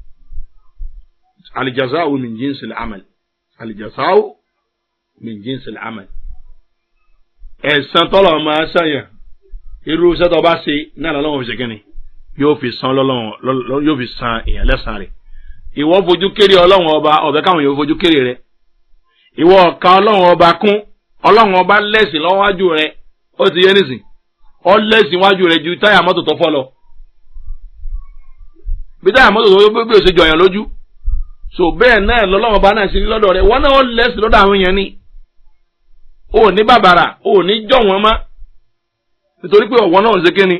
alìjàsáwò min jíǹsì làmàl alìjàsáwò min jíǹsì làmàl ẹ̀sán tọ́lọ̀ máa sàyàn irú iṣẹ́ tó bá ṣe náà lọ́wọ́ fi ṣe kínni yóò fi san lọ́lọ́wọ́ yóò fi san èèyàn lẹ́sàn-án rẹ̀ ìwọ fojú kéré ọlọ́wọ́n ọba ọ̀bẹ káwọn èèyàn fojú kéré rẹ̀ ìwọ ọ̀ka ọlọ́wọ́n ọba kún ọlọ́wọ́n ọba lẹ́sìn lọ́wájú ọ wájú rẹ̀ ju táyà mọ́tò tó fọ́ lọ bí táyà mọ́tò tó fọ́ bí ṣe jọyàn lójú so bẹ́ẹ̀ náà lọ́lọ́wọ́ bá náà ṣe ní lọ́dọ̀ rẹ̀ wọ́n náà ọlẹ́sìn lọ́dọ̀ àwọn èèyàn ni babara ní bàbàrà ò ní jọ̀ wọ́n mọ́ nítorí pé náà ń ṣe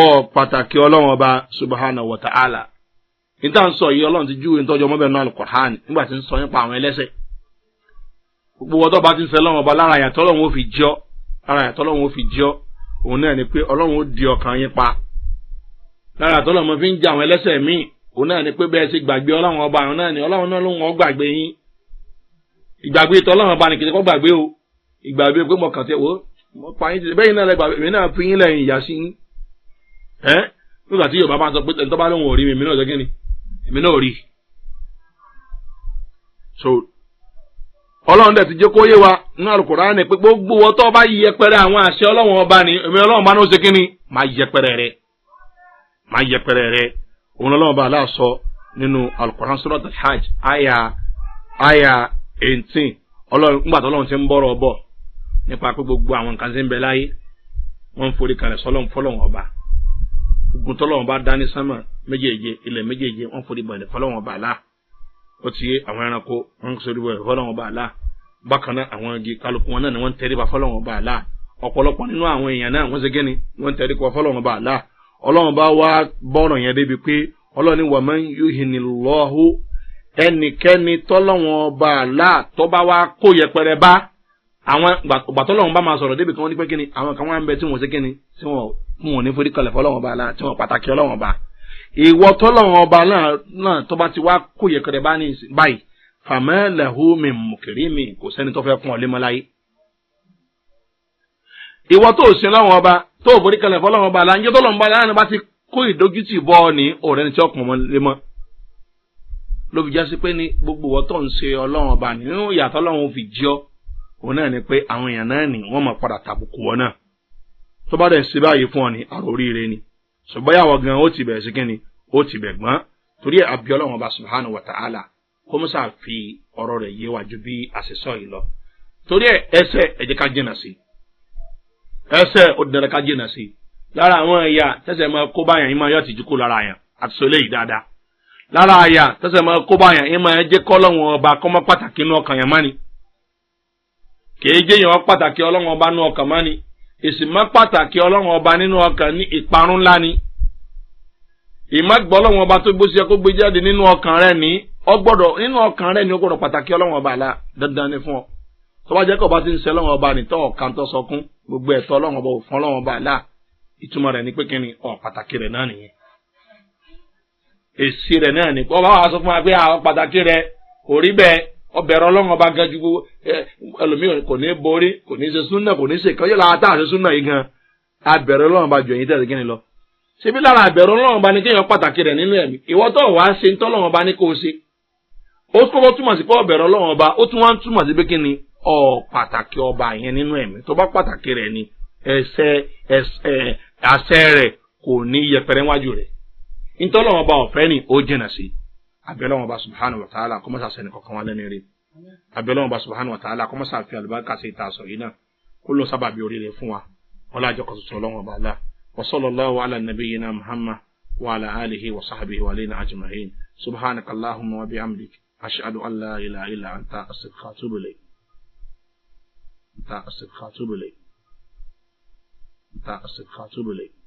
ọ pàtàkì ọlọ́wọ́n ọba subahana wa ta'ala níta ń sọ yìí ọlọ́run ti júwe náà òun náà ni pé ọlọ́run ó di ọkàn yín pa lára àtọ́lọ́ mo fi ń jẹ àwọn ẹlẹ́sẹ̀ míì òun náà ni pé bẹ́ẹ̀ ṣe gbàgbé ọlọ́run ọba òun náà ni ọlọ́run náà ló ń wọ́n gbàgbé yín ìgbàgbé tọ́ ọlọ́run ọba ni kìí kọ́ gbàgbé o ìgbàgbé pé mo kàn tẹ́ wo mo pa yín tẹ́lẹ̀ bẹ́ẹ̀ náà lẹ mi náà fi yín lẹ́yìn ìyá sí yín nígbà tí yorùbá máa sọ pé ẹni tó bá lóun ò rí mi èmi náà jẹ́ kí ni èmi náà rí so ọlọ́run dẹ̀ ti jẹ́ kó yé wa nínú àlùkòrá ni pé gbogbo wọn tó bá yẹpẹrẹ àwọn àṣẹ ọlọ́run ọba ni èmi ọlọ́run bá ní ó ṣe kíni máa yẹpẹrẹ rẹ máa yẹpẹrẹ rẹ òun ọlọ́run bá aláà sọ nínú àlùkòrá sọ́dọ̀ tẹ̀ hajj aya aya eighteen ọlọ́run ńgbà tó ọlọ́run ti ń bọ̀rọ̀ bọ̀ nípa pé gbogbo àwọn nǹkan ti ń bẹ láyé wọ́n ń forí kalẹ̀ sọ́lọ́run fọlọ́run ọba ogun tọ́lọ́run bá dání sánmà méjèèje ilẹ̀ méjèèje wọ́n forí bọ̀ ní fọlọ́run ọba láà ó ti yé àwọn ẹranko wọn ń sori wẹ̀ fọlọ́wọn bá àlá bákan náà àwọn igi kálukú wọn náà ni wọ́n ń tẹríba fọlọ́wọn bá àlá ọ̀pọ̀lọpọ̀ nínú àwọn èèyàn náà wọ́n ṣe gẹ́ni wọ́n ń tẹríba fọlọ́wọn bá àlá ọlọ́run bá wá bọ́ọ̀rọ̀ yẹn débi pé ọlọ́run ni wàmọ́ yuhinilọ́hu ẹnikẹ́ni tọ́lọ́wọ́n bá àlá tó bá wá kó yẹpẹrẹ bá àwọn gbàtọ́lọ́wọ́n bá máa sọ̀rọ̀ débi kan wọ́n ní pé kíni àwọn kan wá ń bẹ tí wọ́n ṣe kíni tí wọ́n wọn ní forí kalẹ̀ fọlọ́wọ́n bá àlá tí wọ́n pàtàkì ọlọ́wọ́n bá àlá ìwọ tọ́lọ́run ọba náà tó bá ti wá kó yẹkẹrẹ bá ní báyìí fàmẹ́lẹ̀hu mi mùkìrí mi kò sẹ́ni tó fẹ́ kún ọ lé mọ́ láyé. ìwọ tó o sin lọ́wọ́n ọba tó o borí kalẹ̀ fọlọ́wọ́n ọba láńjẹ́ tọ́lọ́run ọba láàrin bá ti kó ìdójútì bọ́ ọ ní ọ̀rẹ́ ni tí ọkùnrin mọ́ lé mọ́. jásí pé ní gbogbo ìwọ tó ń ṣe ọlọ́run ọba nínú ìyàtọ̀ ọlọ́run fi jí ọ òun náà ni pé àwọn èèyàn náà ni wọ́n mọ̀ padà tàbùkù ọ náà tó bá dẹ̀ ṣe báyìí fún ọ ní àròrí rẹ ni ṣùgbọ́n yàwọ̀ gan ó ti bẹ̀rẹ̀ sí kínni ó ti bẹ̀ gbọ́n torí abiola wọn bá subhanahu wa ta'ala kó musa fi ọ̀rọ̀ rẹ̀ yé wájú bí àṣìṣọ́ yìí lọ torí ẹ̀ ẹsẹ̀ ẹ̀jẹ̀ ká jìnà sí ẹsẹ̀ ó dẹrẹ ká jìnà sí lára àwọn ẹ̀yà tẹ́sẹ̀ máa kó báyàn yín máa yọ tìjú kó lára yàn àti sọ eléyìí dáadáa lára àyà tẹ́sẹ̀ máa kó báyàn yín máa jẹ́ kọ́ lọ́wọ́n ọba kọ́mọ́ pàtàkì inú ọkàn yàn mání kèé jẹ́ yàn pàtàkì ọlọ́wọ́n ọba inú ọkàn mání ìsìnmọ́ pàtàkì ọlọ́run ọba nínú ọkàn ní ìparun ńlá ni ìmọ̀gbọ́ ọlọ́run ọba tó gbóṣe kó gbé jáde nínú ọkàn rẹ ní ọgbọ́dọ̀ nínú ọkàn rẹ ní ọgbọ́dọ̀ pàtàkì ọlọ́run ọba àlá dandan ni fún ọ tọ́wájẹ́ kọ́ ọba ti ń ṣe ọlọ́run ọba nìtọ́ ọ̀kan tó sọkún gbogbo ẹ̀tọ́ ọlọ́run ọba òfin ọlọ́run ọba àlá ìtumọ̀ rẹ̀ ní pé kí ni ọ̀ pàtàkì rẹ̀ náà nìyẹn èsì rẹ̀ náà ni ọba wa sọ fún wa pé àwọn pàtàkì rẹ̀ kò bẹ́ẹ̀ ọbẹ̀rẹ̀ ọlọ́run ọba gan ẹlòmíràn kò ní borí kò ní ṣe súnà kò ní ṣe kan lára tá àṣẹ súnà yìí gan abẹ̀rẹ̀ ọlọ́run ọba ju ẹ̀yin kí ni lọ. ṣebí lára abẹ̀rẹ̀ ọlọ́run ọba ni kéèyàn pàtàkì rẹ̀ nínú ẹ̀mí ìwọ tó ṣe ń tọ́lọ́run ọba ní o ṣe. ó tún wọ́n túmọ̀ sí pé ọbẹ̀rẹ̀ ọlọ́run ọba ó tún wọ́n túmọ̀ sí pé kí ni ọ pàtàkì ọba yẹn nínú ẹ̀mí tó bá pàtàkì rẹ̀ ni ẹsẹ̀ ẹsẹ̀ àṣẹ rẹ̀ kò ní yẹpẹrẹ rẹ̀ ọba abelon ba subhanahu wa ta'ala kuma sa sene ko kan wala ne re abelon ba subhanahu wa ta'ala kuma sa fi albarka sai ta so ina kullu sababi orire re funwa wala jo ko so lon ba la wa sallallahu ala nabiyyina muhammad wa ala alihi wa sahbihi wa lina ajma'in subhanaka allahumma wa bihamdik ashhadu an la ilaha illa anta astaghfiruka wa atubu ilayk anta astaghfiruka wa atubu ilayk anta astaghfiruka